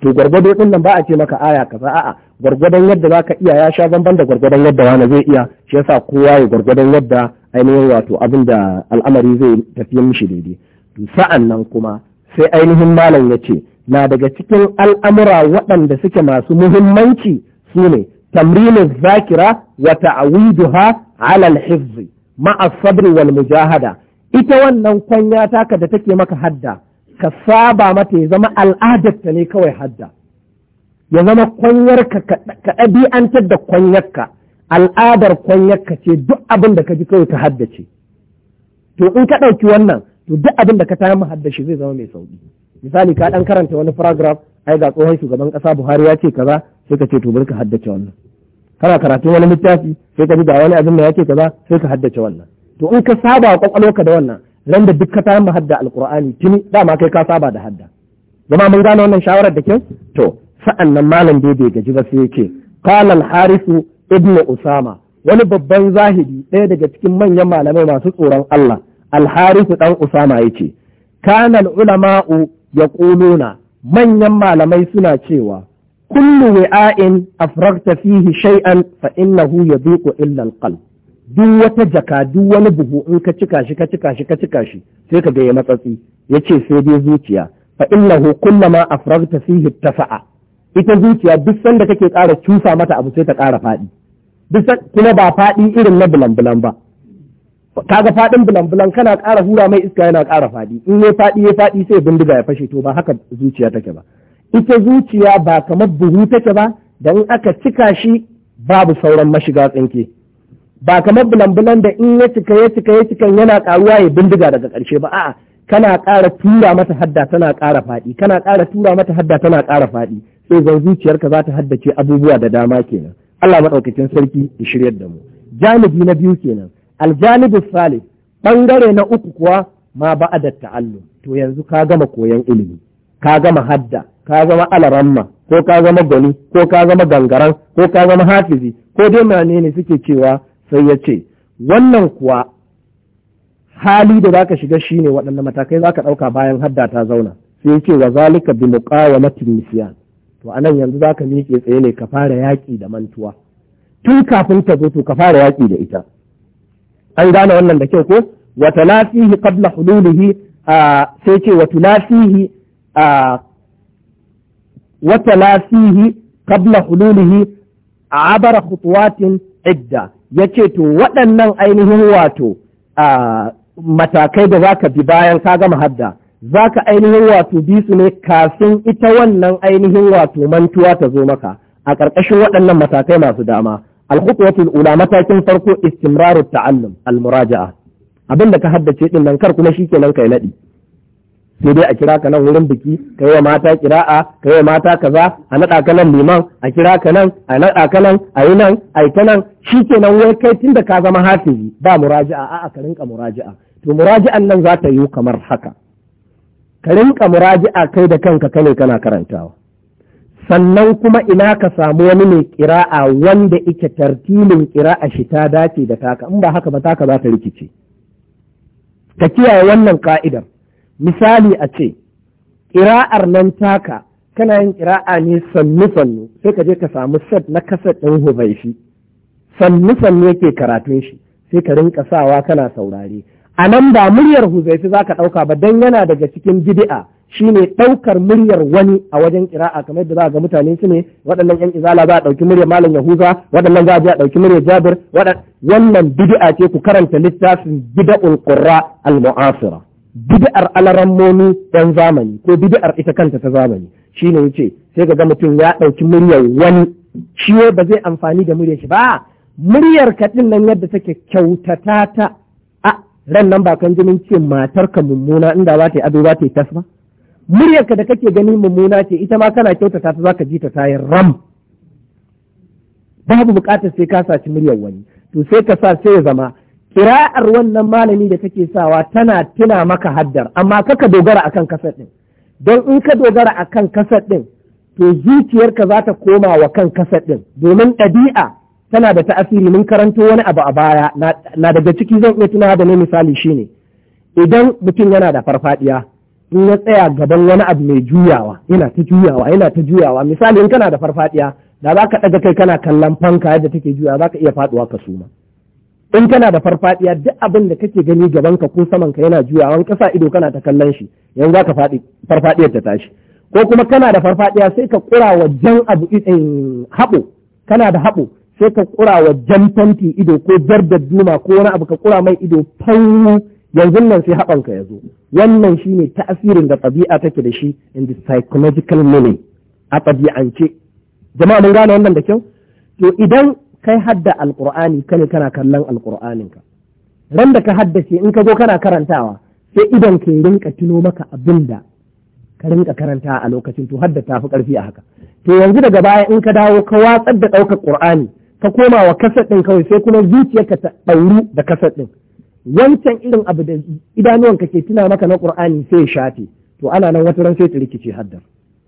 to gwargwado din nan ba a ce maka aya kaza a'a gwargwadon yadda ka iya ya sha bamban da gwargwadon yadda wani zai iya shi yasa kowa ya gwargwadon yadda ainihin wato abin da al'amari zai tafi mishi daidai sa'an nan kuma sai ainihin malam ya ce na daga cikin al'amura waɗanda suke masu muhimmanci su ne tamrinin zakira wa ta'awiduha alal hifzi ma'a sabri wal mujahada ita wannan kwanya taka da take maka hadda ka saba mata ya zama al'adarta ne kawai hadda ya zama kwanyarka ka ɗabi'antar da kwanyarka al'adar kwanyarka ce duk abin da ka ji kawai ka haddace to in ka ɗauki wannan to duk abin da ka ta haddace zai zama mai sauƙi misali ka ɗan karanta wani paragraph ai ga tsohon shugaban ƙasa Buhari ya ce kaza sai ka ce to bari ka haddace wannan kana karatun wani littafi sai ka ji ga wani abin da ya ce kaza sai ka haddace wannan to in ka saba wa ka da wannan ran da duk ka ta hadda alqur'ani tuni dama kai ka saba da hadda zama mun gane wannan shawarar da kyau to sa'an nan malam dai bai gaji ba sai yake ce harisu ibnu usama wani babban zahidi ɗaya daga cikin manyan malamai masu tsoron Allah alharisu ɗan Usama ya ce, Kanal ulama'u ya ƙuluna manyan malamai suna cewa, kullu wi'a'in afrakta fihi shay'an fa innahu yabiqu illa duk wata jaka duk wani buhu in ka cika shi ka cika shi ka cika shi sai ka ga ya matsatsi yace sai dai zuciya fa innahu kullama afrakta fihi tafa'a ita zuciya duk sanda kake ƙara cusa mata abu sai ta ƙara faɗi duk kuma ba faɗi irin na bulan-bulan ba kaga faɗin bulan-bulan kana ƙara hura mai iska yana ƙara faɗi in ya faɗi ya faɗi sai bindiga ya fashe to ba haka zuciya take ba ita zuciya ba kamar buhu take ba da in aka cika shi babu sauran mashiga tsinke ba kamar bulan-bulan da in ya cika ya cika ya cika yana ƙaruwa ya bindiga daga ƙarshe ba a'a kana ƙara tura mata hadda tana ƙara faɗi kana ƙara tura mata hadda tana ƙara faɗi sai zan zuciyarka za ta haddace abubuwa da dama kenan Allah maɗaukacin sarki ya shiryar da mu janibi na biyu kenan aljanibu salih bangare na uku kuwa ma datta ta'allum to yanzu ka gama koyan ilimi ka gama hadda ka gama alaramma ko ka zama gwani ko ka zama gangaran ko ka zama hafizi ko dai mane ne suke cewa sai ya ce wannan kuwa hali da zaka shiga shi ne waɗannan matakai zaka ɗauka bayan hadda ta zauna sai ya ce wa zalika bi muqawamatin nisyan to anan yanzu zaka miƙe tsaye ne ka fara yaƙi da mantuwa tun kafin ta zo to ka fara yaƙi da ita an gane wannan da kyau ko wa talafihi qabla hululihi sai ce wa talafihi wa talafihi qabla hululihi abara khutuwatin idda yace to waɗannan ainihin wato matakai da za ka bi bayan ka gama hadda za ka ainihin wato bi su ne kafin ita wannan ainihin wato mantuwa ta zo maka a ƙarƙashin waɗannan matakai masu dama alhukuwatul ula matakin farko istimraru ta'allum almuraja'a abin da ka haddace din nan kar kuma shikenan kai naɗi. sai dai a kira ka nan wurin biki ka yi wa mata kira'a ka yi wa mata kaza a naɗa ka nan liman a kira ka nan a naɗa ka nan a yi nan a yi ta nan shikenan wai kai tunda ka zama hafizi ba muraja'a a'a ka rinka muraja'a to muraji'an nan za ta yi kamar haka ka rinka a kai da kanka kane kana karantawa sannan kuma ina ka samu wani mai kira'a wanda ike tartilin kira'a shi ta dace da taka in ba haka ba taka za ta rikice ka kiyaye wannan ka'idar misali a ce kira'ar nan taka kana yin kira'a ne sannu sannu sai ka je ka samu set na kasa ɗin hubaishi sannu sannu yake karatun shi sai ka rinka sawa kana saurare a nan ba muryar huzaifi za ka ɗauka ba don yana daga cikin bidi'a shine ɗaukar muryar wani a wajen kira'a kamar yadda za ga mutane su ne waɗannan yan izala za a ɗauki muryar malam yahuza waɗannan za a je a ɗauki muryar jabir wannan bid'a ce ku karanta littafin bid'ul qurra al-mu'asira bid'ar alarammomi ɗan zamani ko bid'ar ita kanta ta zamani shine yace sai ga mutum ya ɗauki muryar wani shi ba zai amfani da muryar shi ba muryar kaɗin nan yadda take kyautata ta ran nan ba kan jinin ce matarka mummuna inda za ta yi ado za ta yi tasma muryarka da kake gani mummuna ce ita ma kana kyautata ta za ka ji ta tayin ram babu bukatar sai ka saci muryar wani to sai ka sa sai ya zama kira'ar wannan malami da kake sawa tana tuna maka haddar amma kaka dogara akan kasar din don in ka dogara akan kasar din to zuciyarka za ta koma wa kan kasar din domin ɗabi'a tana da ta'asiri mun karanto wani abu a baya na daga ciki zan iya tunawa da ne misali shine idan mutum yana da farfadiya in ya tsaya gaban wani abu mai juyawa yana ta juyawa yana ta juyawa misali in kana da farfadiya da za ka ɗaga kai kana kallon fanka yadda take juya za ka iya faɗuwa ka suma in kana da farfadiya duk abin da kake gani gaban ka ko saman ka yana juyawa kasa ido kana ta kallon shi yanzu za ka faɗi farfadiyar ta tashi ko kuma kana da farfadiya sai ka kura wajen jan abu eh, haɓo kana da haɓo sai ka kura wa jantanti ido ko jar duma ko wani abu ka kura mai ido fawu yanzu nan sai haɓanka ya zo wannan shi shine tasirin da ɗabi'a take da shi in the psychological meaning a ɗabi'ance jama'a mun gane wannan da kyau to idan kai hadda alƙur'ani kane kana kallon alƙur'anin ka ran da ka haddace in ka zo kana karantawa sai idan ka rinka tuno maka abin da ka rinka karanta a lokacin to hadda ta fi ƙarfi a haka to yanzu daga baya in ka dawo ka watsar da ɗaukar Ƙur'ani. ka koma wa kasar ɗin kawai sai kuma zuciyarka ta ɗauru da kasar ɗin wancan irin abu da idanuwanka ke tuna maka na ƙur'ani sai ya shafe to ana nan wata ran sai ta rikice haddar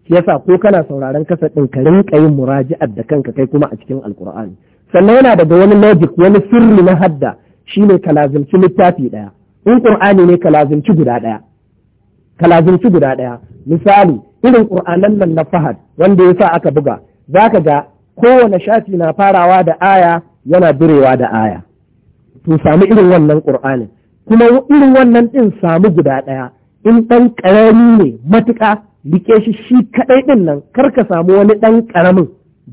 yasa ko kana sauraron kasar ɗin ka rinka yin muraji'ar da kanka kai kuma a cikin alƙur'ani sannan yana daga wani logic wani sirri na hadda shi ne ka lazimci littafi ɗaya in ƙur'ani ne ka lazimci guda ɗaya ka lazimci guda ɗaya misali irin ƙur'anan nan na fahad wanda yasa aka buga za ka ga kowane shafi na farawa da aya yana birewa da aya to sami irin wannan ƙur'anin kuma irin wannan ɗin sami guda ɗaya in ɗan ƙarami ne matuka, rike shi shi kaɗai ɗin nan kar ka samu wani ɗan ƙaramin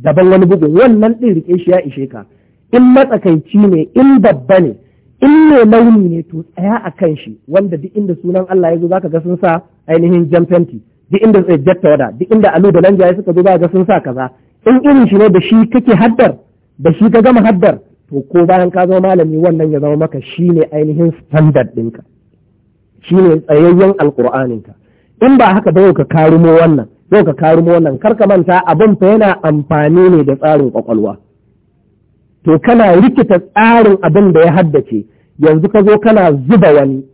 daban wani bugun wannan ɗin rike shi ya ishe ka in matsakaici ne in babba ne in ne launi ne to tsaya a kan shi wanda duk inda sunan Allah ya zo zaka ga sun sa ainihin jan fenti duk inda jatta wada duk inda alu da lanja suka zo zaka ga sun sa kaza in irin shi ne da shi kake haddar da shi ka gama haddar to ko bayan ka zama malami wannan ya zama maka shi ne ainihin standard ɗinka shi ne tsayayyen alƙur'aninka in ba haka ba yau ka karumo wannan yau ka karumo wannan kar ka manta abin fa yana amfani ne da tsarin kwakwalwa to kana rikita tsarin abin da ya haddace yanzu ka zo kana zuba wani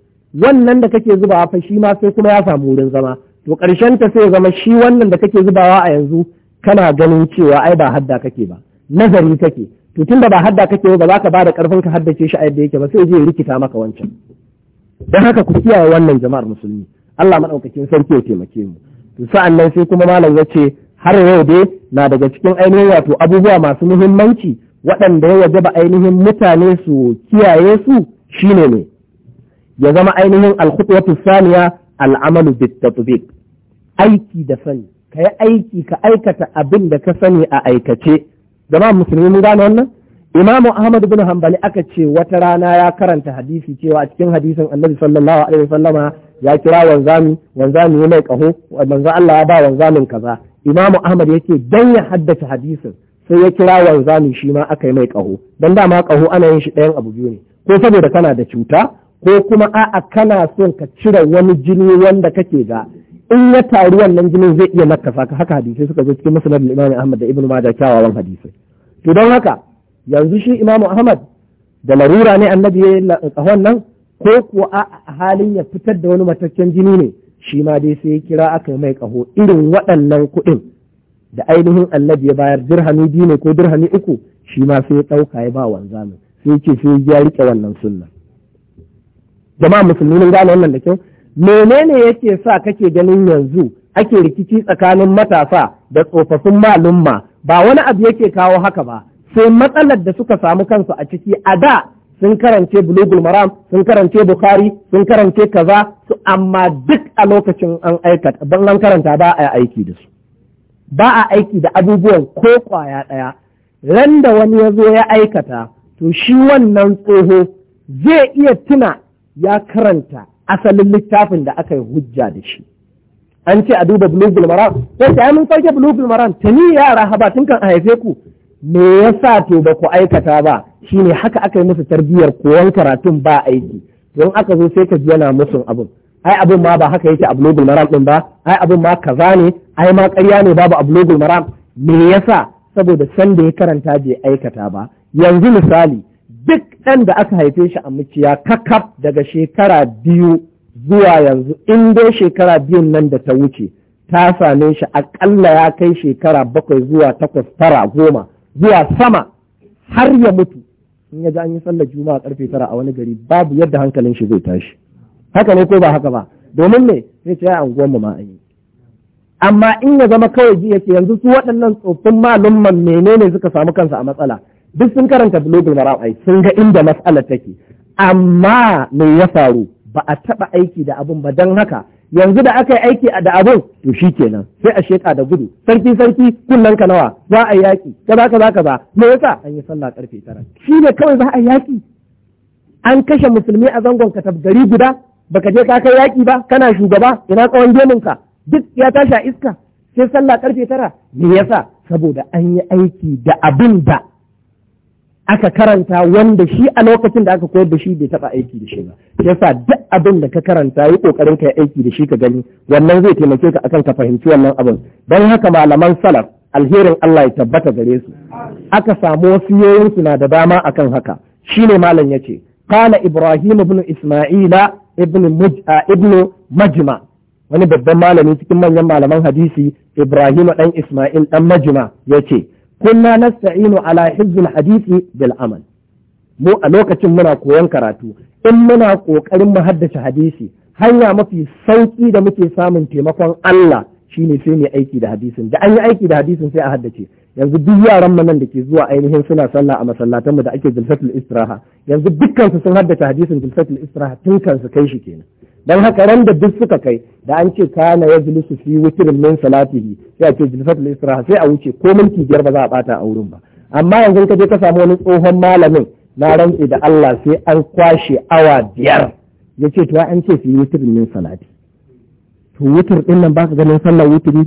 wannan da kake zubawa fa shi ma sai kuma ya samu wurin zama to karshen ta sai zama shi wannan da kake zubawa a yanzu kana ganin cewa ai ba hadda kake ba nazari kake to tunda ba hadda kake ba za ka ba da karfin ka haddace shi a yadda yake ba sai je rikita maka wancan dan haka ku kiyaye wannan jama'ar musulmi Allah madaukakin sarki ya taimake mu to sa'an nan sai kuma malam ya ce har yau dai na daga cikin ainihin wato abubuwa masu muhimmanci waɗanda ya wajaba ainihin mutane su kiyaye su shine ne ya zama ainihin alkhutwatu saniya al'amalu bit tatbiq aiki da sani ka yi aiki ka aikata abin da ka sani a aikace gama musulmi mun gane wannan imamu ahmad bin hanbali aka ce wata rana ya karanta hadisi cewa a cikin hadisin annabi sallallahu alaihi wasallama ya kira wanzami wanzami ya mai kaho manzo Allah ya ba wanzamin kaza imamu ahmad yake dan ya haddace hadisin sai ya kira wanzami shi ma aka yi mai kaho dan dama kaho ana yin shi ɗayan abu biyu ne ko saboda kana da cuta ko kuma a'a kana son ka cire wani jini wanda kake ga in ya taru wannan jinin zai iya nakasa ka haka hadisai suka zo cikin musnad Imam Ahmad da Ibn Majah kyawawan hadisai to don haka yanzu shi Imam Ahmad da larura ne annabi ya kahon nan ko kuwa a halin ya fitar da wani mataccen jini ne shi ma dai sai ya kira aka mai kaho irin waɗannan kuɗin da ainihin annabi ya bayar dirhami biyu ne ko dirhami uku shi ma sai ya ɗauka ya ba wanzamin sai ce sai ya riƙe wannan sunna jama'a musulmi mun gane wannan da kyau menene yake sa kake ganin yanzu ake rikici tsakanin matasa da tsofaffin malumma ba wani abu yake kawo haka ba sai matsalar da suka samu kansu a ciki a da sun karance bulugul maram sun karance bukari, sun karance kaza su amma duk a lokacin an aikata ban an karanta ba a aiki da su ba a aiki da abubuwan ko kwaya ɗaya ran da wani ya zo ya aikata to shi wannan tsoho zai iya tuna ya karanta asalin littafin da aka yi hujja da shi an ce a duba bulugul Ko sai ta mun sauke bulugul ta ni yara haba tun kan haife ku me yasa to ba ku aikata ba shine haka aka yi musu tarbiyyar koyon karatun ba aiki don aka zo sai ka ji yana musu abin ai abin ma ba haka yake a bulugul maram din ba ai abin ma kaza ne ai ma ƙarya ne babu a bulugul maram me yasa saboda sanda ya karanta bai aikata ba yanzu misali ɗan da aka haife shi a muciya kakaf daga shekara biyu zuwa yanzu in dai shekara biyun nan da ta wuce ta same shi aƙalla ya kai shekara bakwai zuwa takwas tara goma zuwa sama har ya mutu in ya ji an yi sallar juma'a karfe tara a wani gari babu yadda hankalin shi zai tashi haka ne ko ba haka ba domin ne sai ce ya anguwan mu ma an yi amma in ya zama kawai ji yake yanzu su waɗannan tsoffin malumman menene suka samu kansa a matsala duk sun karanta global maram ai sun ga inda mas'alar take amma me ya faru ba a taba aiki da abun ba dan haka yanzu da aka yi aiki da abun to shikenan sai a sheka da gudu sarki sarki kullan ka nawa za a yaki kaza kaza kaza me yasa an yi sallah karfe 9 shi ne kawai za a yaki an kashe musulmi a zangon ka gari guda baka je ka kai yaki ba kana shugaba ina tsawon gemin ka duk ya tashi a iska sai sallah karfe tara me yasa saboda an yi aiki da abun da aka karanta wanda shi a lokacin da aka koyar da shi bai taba aiki da shi ba yasa duk abin da ka karanta yi kokarin ka aiki da shi ka gani wannan zai taimake ka akan ka fahimci wannan abin don haka malaman salaf alherin Allah ya tabbata gare su aka samu wasu yoyin su na da dama akan haka Shi ne malam yace qala ibrahim ibn isma'ila ibn muj'a ibn majma wani babban malami cikin manyan malaman hadisi ibrahim dan isma'il dan majma yace kunna nasta'inu ala hizbil hadisi bil amal mu a lokacin muna koyon karatu in muna kokarin mu haddace hadisi hanya mafi sauki da muke samun taimakon Allah shine sai mu aiki da hadisin da an yi aiki da hadisin sai a haddace yanzu duk yaran mu nan da ke zuwa ainihin suna sallah a masallatan mu da ake jilsatul istiraha yanzu dukkan su sun haddace hadisin jilsatul istiraha tun kan su kai shi kenan dan haka ran da duk suka kai da an ce kana ya julusu fi wutirin min salatihi sai a ce jilsatul istiraha sai a wuce ko minti biyar ba za a bata a wurin ba amma yanzu ka je ka samu wani tsohon malamin na rantse da Allah sai an kwashe awa biyar ya ce to an ce fi wutirin min salati to wutir din nan baka ganin sallar wutiri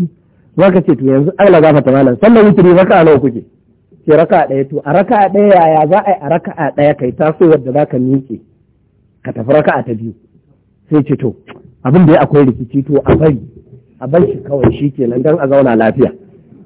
ne ka ce to yanzu Allah za ta malam sallar wutiri raka'a nawa kuke ke raka ɗaya to a raka'a ɗaya yaya za a yi a raka'a ɗaya kai tasowar da za ka miƙe ka tafi raka'a ta biyu sai ce to abin da ya akwai rikici to a bari a bar shi kawai shi kenan don a zauna lafiya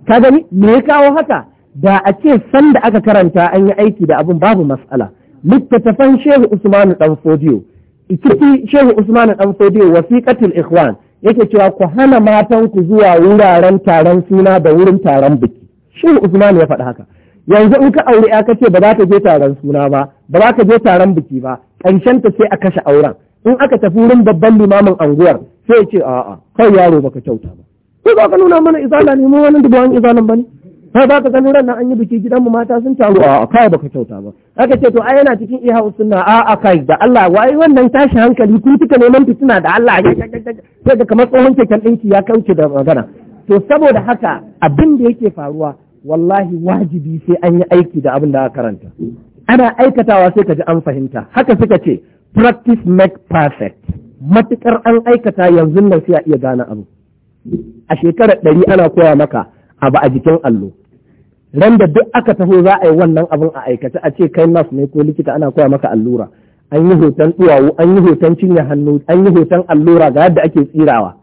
ka gani me ya kawo haka da a ce sanda aka karanta an yi aiki da abin babu matsala littattafan shehu usmanu dan fodiyo ikiti shehu usmanu dan fodiyo wasiqatul ikhwan yake cewa ku hana matan ku zuwa wuraren taron suna da wurin taron biki shehu usmanu ya faɗi haka yanzu in ka aure ya kace ba za ta je taron suna ba ba za ka je taron biki ba ƙarshen ta sai a kashe auren in aka tafi wurin babban limamin anguwar sai ce a'a kai yaro baka kyauta ba ko za ka nuna mana izala ne mu wani dubawan izalan bane kai za ka gani ranar an yi biki gidan mu mata sun taru a'a kai baka kyauta ba aka ce to ai yana cikin iya sunna a kai da Allah wai wannan tashi hankali kun tuka neman fitina da Allah sai da kamar tsohon keken ɗinki ya kauce da magana to saboda haka abin da yake faruwa wallahi wajibi sai an yi aiki da abin da aka karanta ana aikatawa sai ka ji an fahimta haka suka ce practice make perfect matukar an aikata yanzu nan sai a iya gane abu a shekarar ɗari ana koya maka abu a jikin allo ran da duk aka taho za a yi wannan abin a aikata, a ce kai nas ne ko likita ana koya maka allura an yi hoton duwawu an yi hoton cinye hannu an yi hoton allura ga yadda ake tsirawa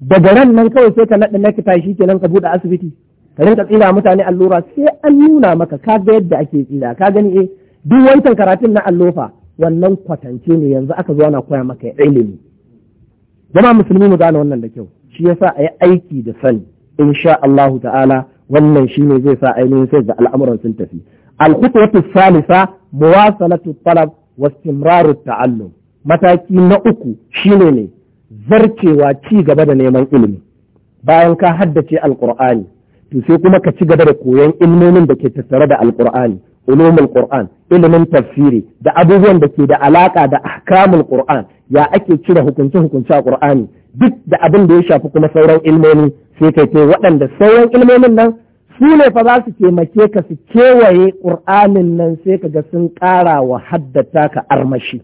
daga ran nan kawai sai ka naɗa na nakita shi kenan ka buɗe asibiti ka rinka tsira mutane allura sai an nuna maka ka ga yadda ake tsira ka gani eh duk wancan karatun na allofa wannan kwatance ne yanzu aka zo ana koya maka ilimi zama musulmi mu gane wannan da kyau shi yasa a yi aiki da sani insha Allahu ta'ala wannan shi ne zai sa ainihin sai da al'amuran sun tafi al-khutwatu salisa muwasalatu talab wa istimraru ta'allum mataki na uku shine ne zarcewa ci gaba da neman ilimi bayan ka haddace alqur'ani to sai kuma ka ci gaba da koyon ilmomin da ke tattare da alqur'ani ulumul qur'an ilimin tafsiri da abubuwan da ke da alaka da ahkamul qur'an ya ake cire hukunce hukunce a qur'ani duk da abin da ya shafi kuma sauran ilmomi sai kai kai waɗanda sauran ilmomin nan su ne fa za su taimake ka su kewaye qur'anin nan sai ka ga sun ƙara wa haddata ka armashi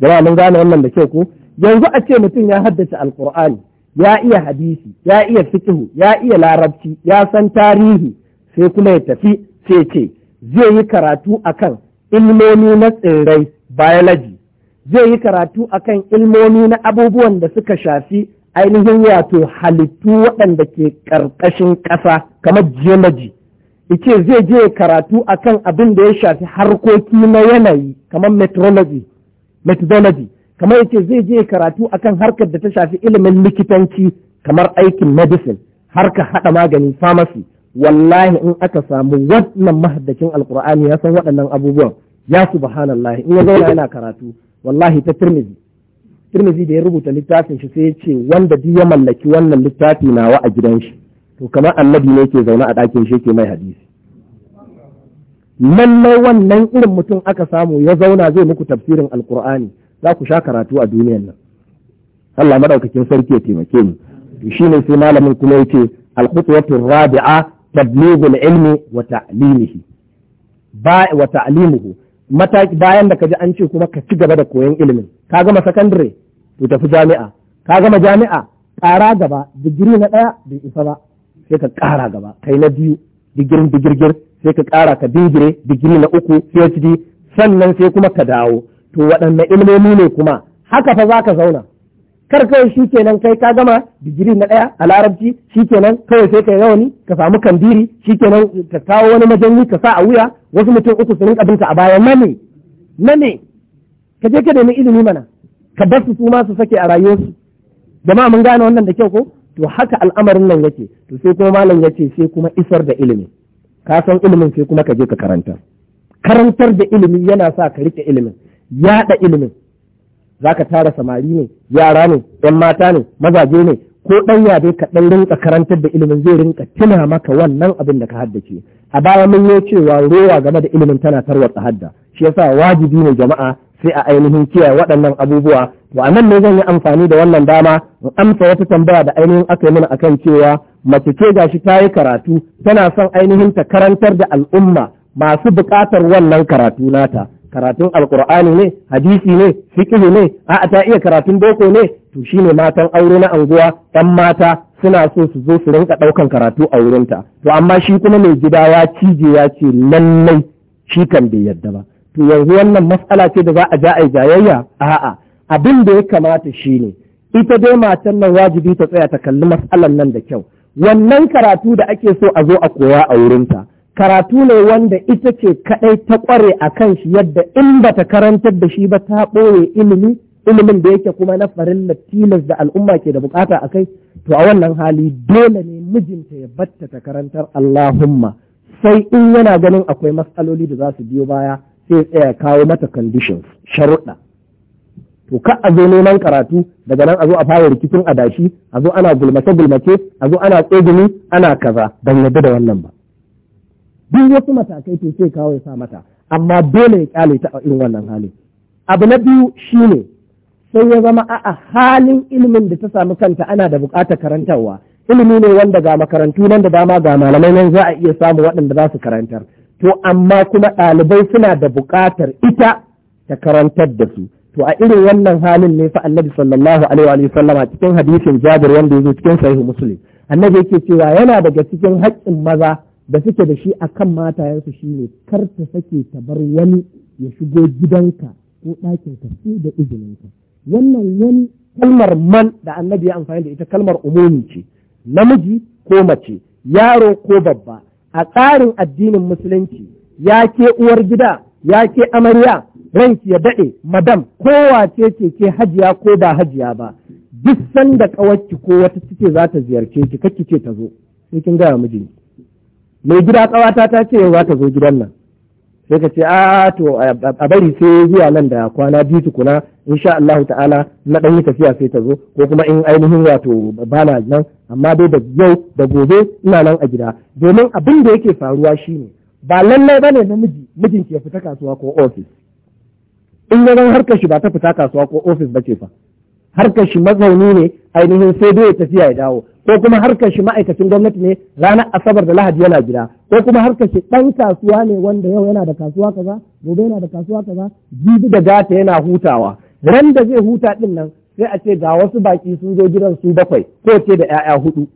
jama'a mun gane wannan da kyau ko yanzu a ce mutum ya haddace alqur'ani ya iya hadisi ya iya fiqh ya iya larabci ya san tarihi sai kuma ya tafi sai ce zai yi karatu akan ilmomi na tsirrai biology zai yi karatu akan ilmomi na abubuwan da suka shafi ainihin wato halittu waɗanda ke ƙarƙashin ƙasa kamar geology ice zai je karatu akan abin da ya shafi harkoki na yanayi kamar methodology kamar yake zai je karatu akan harkar da ta shafi ilimin likitanci kamar aikin medicine harkar haɗa magani pharmacy wallahi in aka samu wannan mahaddacin alkur'ani ya san waɗannan abubuwan ya subhanallahi in ya zauna yana karatu wallahi ta tirmizi tirmizi da ya rubuta littafin shi sai ya ce wanda duk ya mallaki wannan littafi nawa a gidan shi to kamar annabi ne ke zaune a ɗakin shi ke mai hadisi lallai wannan irin mutum aka samu ya zauna zai muku tafsirin alkur'ani za ku sha karatu a duniyan nan Allah madaukakin sarki ya taimake ni. to ne sai malamin kuma yace al-khutwatu rabi'a tablighul ilmi wa ta'limihi ba wa ta'limuhu bayan da kaji an ce kuma ka ci gaba da koyon ilimin ka gama sakandare to tafi jami'a ka gama jami'a ƙara gaba digiri na ɗaya bai isa ba sai ka ƙara gaba kai na biyu digirin digirgir sai ka ƙara ka digire digiri na uku PhD sannan sai kuma ka dawo to waɗanne ilmomi ne kuma haka fa za ka zauna kar kawai shi kenan kai ka gama digiri na ɗaya a larabci shi kenan kawai sai ka yi rawani ka samu kandiri shi kenan ka kawo wani majanyi ka sa a wuya wasu mutum uku su rinka binta a baya na ne na ne ka je ka nemi ilimi mana ka bar su su sake a rayuwarsu jama'a mun gane wannan da kyau ko to haka al'amarin nan yake to sai kuma malam yace sai kuma isar da ilimi ka san ilimin sai kuma ka je ka karanta karantar da ilimi yana sa ka rike ilimin yaɗa ilimin Za ka tara samari ne yara ne yan mata ne mazaje ne ko ɗan yabe ka ɗan rinka karantar da ilimin zai rinka tuna maka wannan abin da ka haddace a baya mun yi cewa rowa game da ilimin tana tarwatsa hadda shi yasa wajibi ne jama'a sai a ainihin kiyaye waɗannan abubuwa Wa nan ne zan yi amfani da wannan dama in amsa wata tambaya da ainihin aka yi mana akan cewa mace ce gashi ta yi karatu tana son ainihin ta karantar da al'umma masu buƙatar wannan karatu nata karatun alkur'ani ne hadisi ne fiqh ne a'a ta iya karatun boko ne to shine matan aure na anguwa ɗan mata suna so su zo su rinka ɗaukan karatu a wurinta to amma shi kuma mai gida ya cije ya ce lallai shi kan bai yadda ba to yanzu wannan matsala ce da za a ja a jayayya a'a abin da ya kamata shine ita dai matan nan wajibi ta tsaya ta kalli matsalan nan da kyau wannan karatu da ake so a zo a koya a wurinta karatu ne wanda ita ce kaɗai ta ƙware a kan shi yadda in ba ta karantar da shi ba ta ɓoye ilimi ilimin da yake kuma na farin tilas da al'umma ke da bukata a kai to a wannan hali dole ne mijinta ya batta ta karantar Allahumma sai in yana ganin akwai matsaloli da za su biyo baya sai tsaya kawo mata conditions sharuɗa to ka a zo neman karatu daga nan a zo a fara rikicin adashi a zo ana gulmace gulmace a zo ana tsegumi ana kaza ban yadda da wannan ba duk wasu matakai to sai kawo ya sa mata amma dole ya kyale ta a irin wannan hali abu na biyu shine sai ya zama a halin ilimin da ta samu kanta ana da buƙatar karantarwa ilimi ne wanda ga makarantu nan da dama ga malamai nan za a iya samu waɗanda za su karantar to amma kuma ɗalibai suna da buƙatar ita ta karantar da su to a irin wannan halin ne fa annabi sallallahu alaihi wa sallama cikin hadisin jabir wanda ya zo cikin sahihu muslim annabi yake cewa yana daga cikin haƙƙin maza da suke da shi akan matayensu shine kar ta sake ta bar wani ya shigo gidanka ko ɗakin ta sai da izininka wannan wani kalmar man da annabi ya amfani da ita kalmar umumi ce namiji ko mace yaro ko babba a tsarin addinin musulunci ya ke uwar gida ya ke amarya ranki ya daɗe madam kowa ce ce ke hajiya ko ba hajiya ba duk sanda ƙawarki ko wata suke za ta ziyarce ki kakki ce ta zo sai kin gaya mijinki mai gida kawata ta ce yau za ta zo gidan nan sai ka ce a to a bari sai zuwa nan da kwana biyu tukuna insha Allah ta'ala na ɗan yi tafiya sai ta zo ko kuma in ainihin wato ba na nan amma dai da yau da gobe ina nan a gida domin abin da yake faruwa shine ba lallai bane namiji Mijin ya fita kasuwa ko ofis in ya zan harkar shi ba ta fita kasuwa ko ofis ba ce fa harkar shi mazauni ne ainihin sai dai tafiya ya dawo ko kuma harkar shi ma'aikacin gwamnati ne ranar asabar da lahadi yana gida ko kuma harkar shi ɗan kasuwa ne wanda yau yana da kasuwa kaza gobe yana da kasuwa kaza jibi da gata yana hutawa ran da zai huta ɗin nan sai a ce ga wasu baki sun zo gidan su bakwai ko ce da 'ya'ya hudu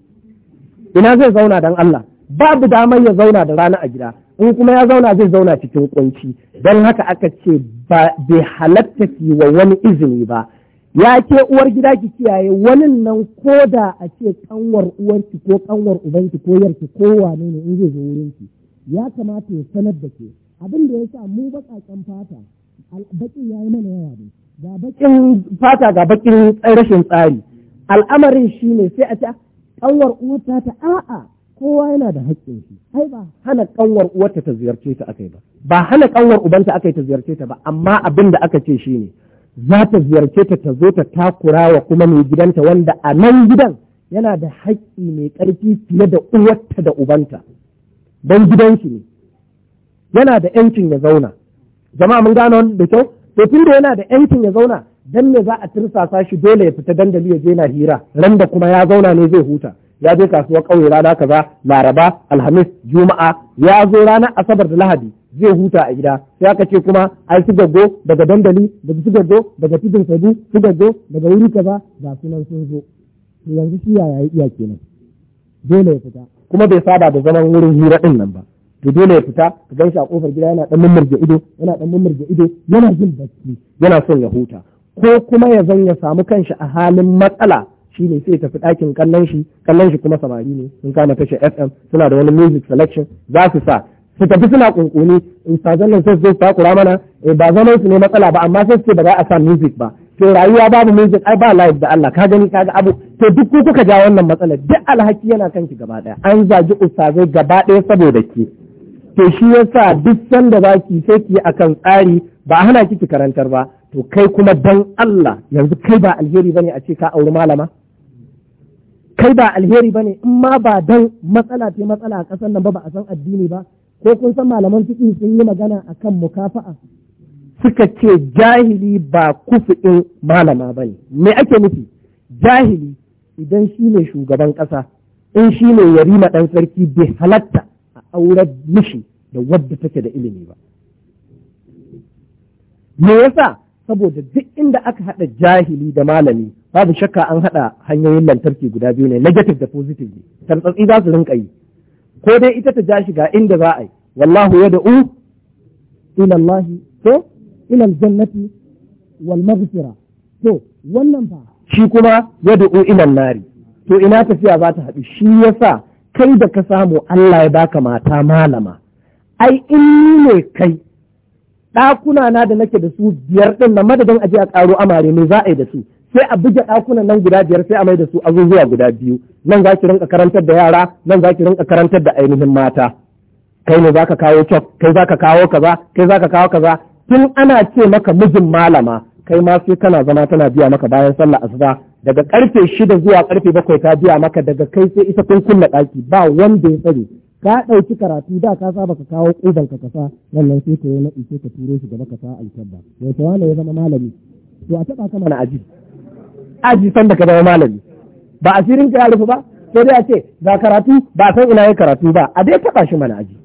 ina zai zauna dan Allah babu damar ya zauna da rana a gida in kuma ya zauna zai zauna cikin kunci don haka aka ce ba bai halatta ki wa wani izini ba ya ke uwar gida ki kiyaye wani nan ko da a ce kanwar uwarki ko kanwar ubanki ko yarki ko wane ne in zai zo wurinki ya kamata ya sanar da ke abin da ya sa mu baƙaƙen fata baƙin ya yi mana yawa ne ga baƙin fata ga baƙin rashin tsari al'amarin shi ne sai a ce kanwar uwarta ta a'a kowa yana da haƙƙin shi ai ba hana kanwar uwarta ta ziyarce ta akai ba ba hana kanwar ubanta akai ta ziyarce ta ba amma abin da aka ce shi ne za ta ziyarce ta ta zo ta takura wa kuma mai gidanta wanda a nan gidan yana da haƙƙi mai ƙarfi fiye da uwarta da ubanta don gidansu ne yana da yancin ya zauna Zama mun gano da kyau to tun da yana da yancin ya zauna don me za a tirsasa shi dole ya fita dandali ya je na hira randa kuma ya zauna ne zai huta ya je kasuwar ƙauye rana kaza laraba alhamis juma'a ya zo ranar asabar da lahadi zai huta a gida sai aka ce kuma ai su gaggo daga dandali daga su gaggo daga tudun sabu su gaggo daga wuri kaza ga sunan sun zo yanzu shi yaya ya iya kenan dole ya fita kuma bai saba da zaman wurin hira din nan ba to dole ya fita ka gan shi a kofar gida yana dan mummurje ido yana dan mummurje ido yana jin bacci yana son ya huta ko kuma ya zan ya samu kanshi a halin matsala shi ne sai tafi ɗakin kallon shi kallon shi kuma samari ne sun kama tashar fm suna da wani music selection za su sa su tafi suna kunkuni in sazan nan sai su ta mana, takura mana eh, ba zaman su ne matsala ba amma sai su ba za a sa music ba to rayuwa babu music ai ba live da Allah ka gani ka abu to duk ku kuka ja wannan matsalar duk alhaki yana ki gaba daya an zagi ustazai gaba daya saboda ke to shi yasa duk sanda za ki sai ki akan tsari ba hana ki karantar ba to kai kuma dan Allah yanzu kai ba alheri ba ne a ce ka auri malama kai ba alheri ba ne in ma ba dan matsala ce matsala a ƙasar nan ba ba a san addini ba ko kun san malaman fiƙi sun yi magana a kan mukafa'a suka ce jahili ba kufuɗin malama ba ne me ake nufi jahili idan shi ne shugaban ƙasa in shi ne yarima ɗan sarki bai halatta a aurar mishi da wadda take da ilimi ba me yasa saboda duk inda aka haɗa jahili da malami babu shakka an haɗa hanyoyin lantarki guda biyu ne negative da positive ne tantsatsi za su rinka yi ko dai ita ta ja shi shiga inda za a yi wallahu ya da'u ila Allah to ila aljannati wal maghfira to wannan fa shi kuma ya da'u ila nari to ina tafiya za ta haɗu shi yasa kai da ka samu Allah ya baka mata malama ai in ne kai ɗakuna na da nake da su biyar ɗin na madadin aje a ƙaro amare me za a yi da su sai a buge ɗakunan nan guda biyar sai a mai da su azuzuwa guda biyu nan za ki rinka karantar da yara nan za ki rinka karantar da ainihin mata kai ne za ka kawo cok kai za ka kawo kaza kai za ka kawo kaza tun ana ce maka mijin malama kai ma sai kana zama tana biya maka bayan sallah asuba daga karfe shida zuwa karfe bakwai ta biya maka daga kai sai ita kun kunna ɗaki ba wanda ya sani ka ɗauki karatu da ka saba ka kawo ƙudan ka kasa wannan sai ka yi na ka turo shi gaba ka sa ba yau tawana ya zama malami to a taɓa ka mana aji aji san da ka zama malami ba asirin ka ya rufu ba sai dai a ce ga karatu ba san ina ya karatu ba a dai taba shi mana aji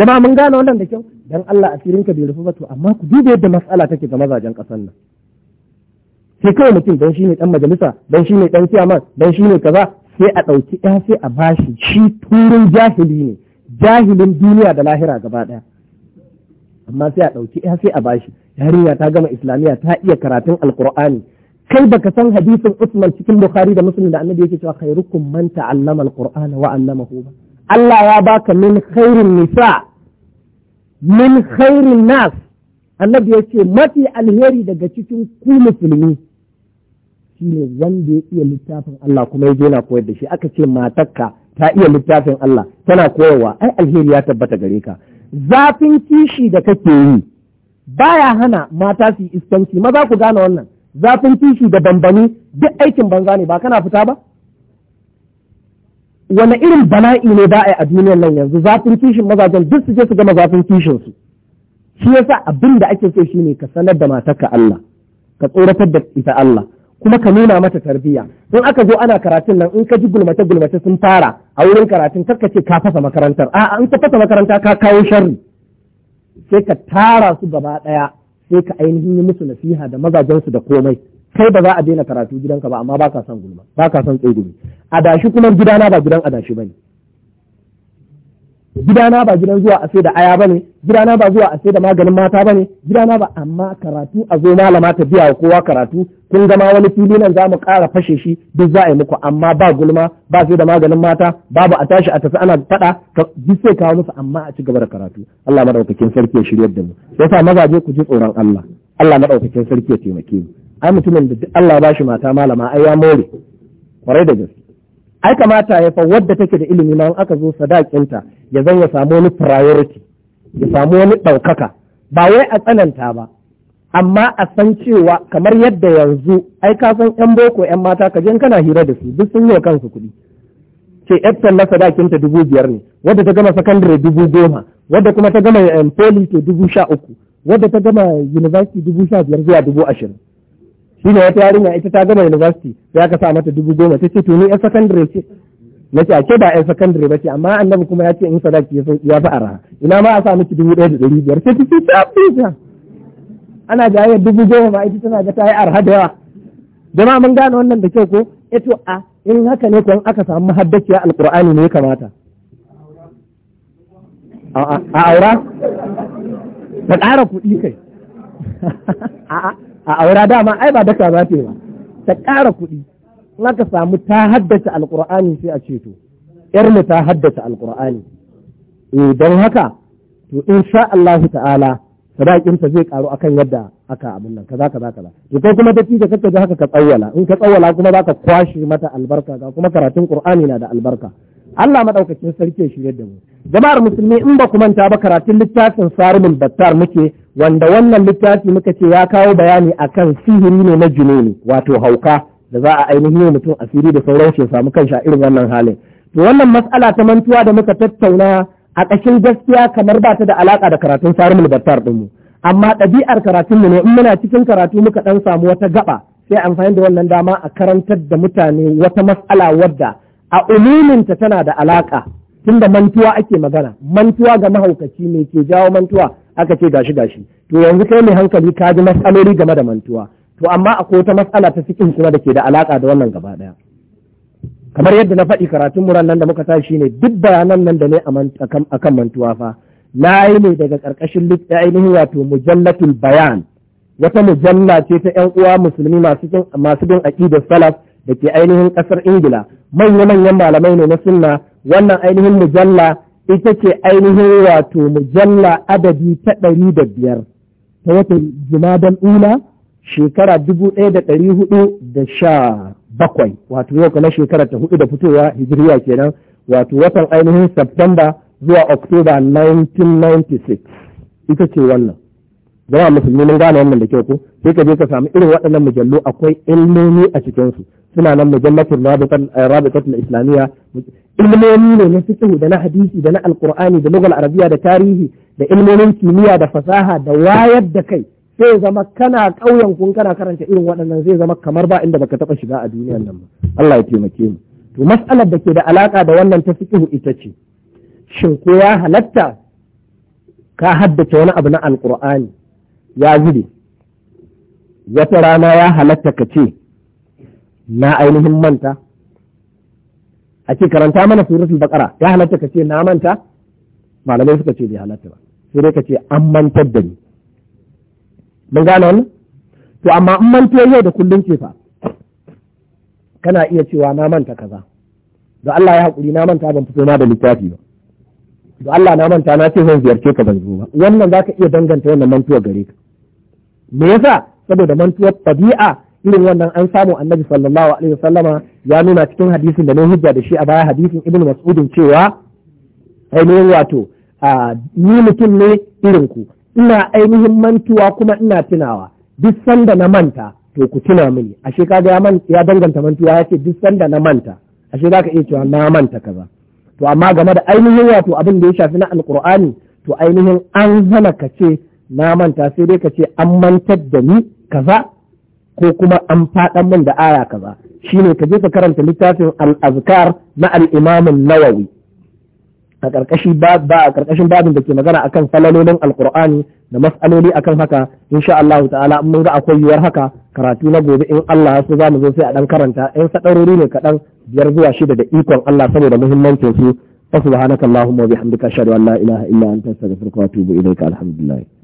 jama'a mun gane wannan da kyau dan Allah asirin ka bai rufu ba to amma ku duba yadda mas'ala take ga mazajen ƙasar nan sai kawai mutum dan shine dan majalisa dan shine dan kiyaman dan shine kaza sai a ɗauki ɗan sai a bashi shi turin jahili ne jahilin duniya da lahira gaba ɗaya amma sai a ɗauki ɗan sai a bashi yarinya ta gama islamiyya ta iya karatun alkur'ani kai baka san hadisin Usman cikin Bukhari da Muslim da Annabi yake cewa khairukum man ta'allama al-Qur'ana wa 'allamahu ba Allah ya baka min khairin nisa min khairin nas Annabi yace mafi alheri daga cikin ku musulmi shine wanda ya iya littafin Allah kuma ya je na koyar da shi aka ce matarka ta iya littafin Allah tana koyarwa ai alheri ya tabbata gare ka zafin kishi da kake yi baya hana mata su iskanci maza ku gane wannan zafin kishi da bambami duk aikin banza ne ba kana fita ba wane irin bala'i ne ba a duniyar nan yanzu zafin kishin mazajen duk su je su gama zafin kishin su shi yasa abin da ake so shine ka sanar da matarka Allah ka tsoratar da ita Allah kuma ka nuna mata tarbiyya in aka zo ana karatun nan in ka ji gulmace gulmace sun fara a wurin karatun kar ka ce ka fasa makarantar a'a in ka fasa makaranta ka kawo sharri sai ka tara su gaba ɗaya sai ka ainihin yi musu nasiha da mazajensu da komai kai ba za a daina karatu gidanka ba amma ba ka son gulma ba ka son tsegumi adashi kuma gidana ba gidan adashi ne. gidana ba gidan zuwa a da aya bane gidana ba zuwa a da maganin mata bane gidana ba amma karatu a zo malama ta biya wa kowa karatu kun gama wani fili nan za mu ƙara fashe shi duk za a yi muku amma ba gulma ba sai da maganin mata babu a tashi a tafi ana faɗa duk sai kawo musu amma a ci gaba da karatu Allah madaukakin sarki ya shiryar da mu sai sa je ku ji tsoron Allah Allah madaukakin sarki ya taimake mu ai mutumin da Allah ba shi mata malama ai ya more kwarai da gaske ai kamata ya fa wadda take da ilimi ma aka zo sadakinta ya zan ya samu wani priority ya samu wani ɗaukaka ba wai a tsananta ba amma a san cewa kamar yadda yanzu ai ka san yan boko yan mata ka je kana hira da su duk sun yi kansu kuɗi ce Epson na sadakinta dubu biyar ne wadda ta gama sakandare dubu goma wadda kuma ta gama eh, poli dubu sha uku wadda ta gama university dubu sha biyar zuwa dubu ashirin shi ne wata yarinya ita ta gama university ya ka sa mata dubu goma ta ce to ni yan sakandare ce na ce ake ba yan sakandare ba ce amma annabi kuma ya ce in sadaki ya ya fi ara ina ma a sa miki dubu ɗaya da ɗari biyar sai ta ce ta fita ana jayayyar dubu goma ma ita tana ga ta yi arha da yawa jama'a mun gane wannan da kyau ko eto eh a in haka ne kuwa aka samu mahaddaciya Alƙur'ani ne ya kamata a aura ta ƙara kuɗi kai a aura dama ai ba daka za ta yi ba ta ƙara kuɗi in aka samu ta haddace alkur'ani sai a ce to mu ta haddace alkur'ani eh don haka to insha Allah ta'ala ta zai karu akan yadda aka abin nan kaza kaza kaza to kai kuma da kike kake haka ka tsawwala in ka tsawwala kuma zaka kwashe mata albarka ga kuma karatun qur'ani na da albarka Allah madaukakin sarki shi yadda mu jama'ar musulmi in ba ku manta ba karatun littafin sarimin battar muke wanda wannan littafi muka ce ya kawo bayani akan sihiri ne na jununi wato hauka da za a ainihin mutum asiri da sauran shi samu kanshi a irin wannan halin to wannan matsala ta mantuwa da muka tattauna a ƙashin gaskiya kamar ba ta da alaƙa da karatun sarumul battar ɗinmu amma ɗabi'ar karatunmu ne in muna cikin karatu muka ɗan samu wata gaba sai amfani da wannan dama a karantar da mutane wata matsala wadda a umuminta tana da alaƙa tunda mantuwa ake magana mantuwa ga mahaukaci ne ke jawo mantuwa aka ce gashi gashi to yanzu kai mai hankali ka ji matsaloli game da mantuwa to amma akwai wata matsala ta cikin kuma da ke da alaka da wannan gaba daya kamar yadda na faɗi karatun muran nan da muka tashi ne duk bayanan nan da ne a kan mantuwa fa na yi ne daga ƙarƙashin littafi ainihin wato mujallatul bayan wata mujalla ce ta ƴan uwa musulmi masu bin aƙidar salaf da ke ainihin ƙasar ingila manya manyan malamai ne na sunna wannan ainihin mujalla ita ce ainihin wato mujalla adadi ta ɗari da biyar ta wata jimadan ula shekara dubu ɗaya da ɗari hudu da sha bakwai wato yau kana shekara ta hudu da fitowa hijiriya kenan wato watan ainihin Septemba zuwa october 1996 ita ce wannan zama musulmi mun gane wannan da kyau ko sai ka je ka samu irin waɗannan mujallu akwai ilmomi a cikinsu suna nan mujallatul rabitatul eh, islamiyya ilmomi ne na fiqh da na hadisi da na alqur'ani da lugal arabiya da tarihi da ilmomin kimiyya da fasaha da wayar da kai sai zama kana ƙauyen kun kana karanta irin waɗannan zai zama kamar ba inda baka taɓa shiga a duniyan nan ba Allah ya taimake mu to mas'alar da ke da alaƙa da wannan ta fiqhu ita ce shin ko ya halatta ka haddace wani abu na alqur'ani ya zube wata rana ya halatta ka ce na ainihin manta a ce karanta mana suratul baqara ya halatta ka ce na manta malamai suka ce bai halatta ba sai dai ka ce an mantar da ni mun gane wannan to amma in manta yau da kullum ce fa kana iya cewa na manta kaza da Allah ya haƙuri na manta ban fito na da littafi ba da Allah na manta na ce zan ziyarce ka ban zo ba wannan zaka iya danganta wannan mantuwa gare ka me yasa saboda mantuwar tabi'a irin wannan an samu annabi sallallahu alaihi wasallama ya nuna cikin hadisin da na hujja da shi a baya hadisin ibnu mas'udin cewa ainihin wato ni mutum ne irin ku ina ainihin mantuwa kuma ina tunawa duk sanda na manta to ku tuna mini ashe kaga ya danganta mantuwa yace duk sanda na manta ashe zaka iya cewa na manta kaza to amma game da ainihin wato abin da ya shafi na alqur'ani to ainihin an hana ka ce na manta sai dai ka ce an mantar da ni kaza ko kuma an faɗan min da aya kaza shine ka je ka karanta littafin al-azkar na al'imamin imam nawawi a ƙarƙashin ba a babin da ke magana akan falalolin alkur'ani da mas'aloli akan haka insha Allah ta'ala mun ga akwai yuwar haka karatu na gobe in Allah so za mu zo sai a dan karanta in sadarori ne kaɗan biyar zuwa shida da ikon Allah saboda muhimmancin su subhanakallahumma wa bihamdika ashhadu an la ilaha illa anta astaghfiruka wa atubu ilayka alhamdulillah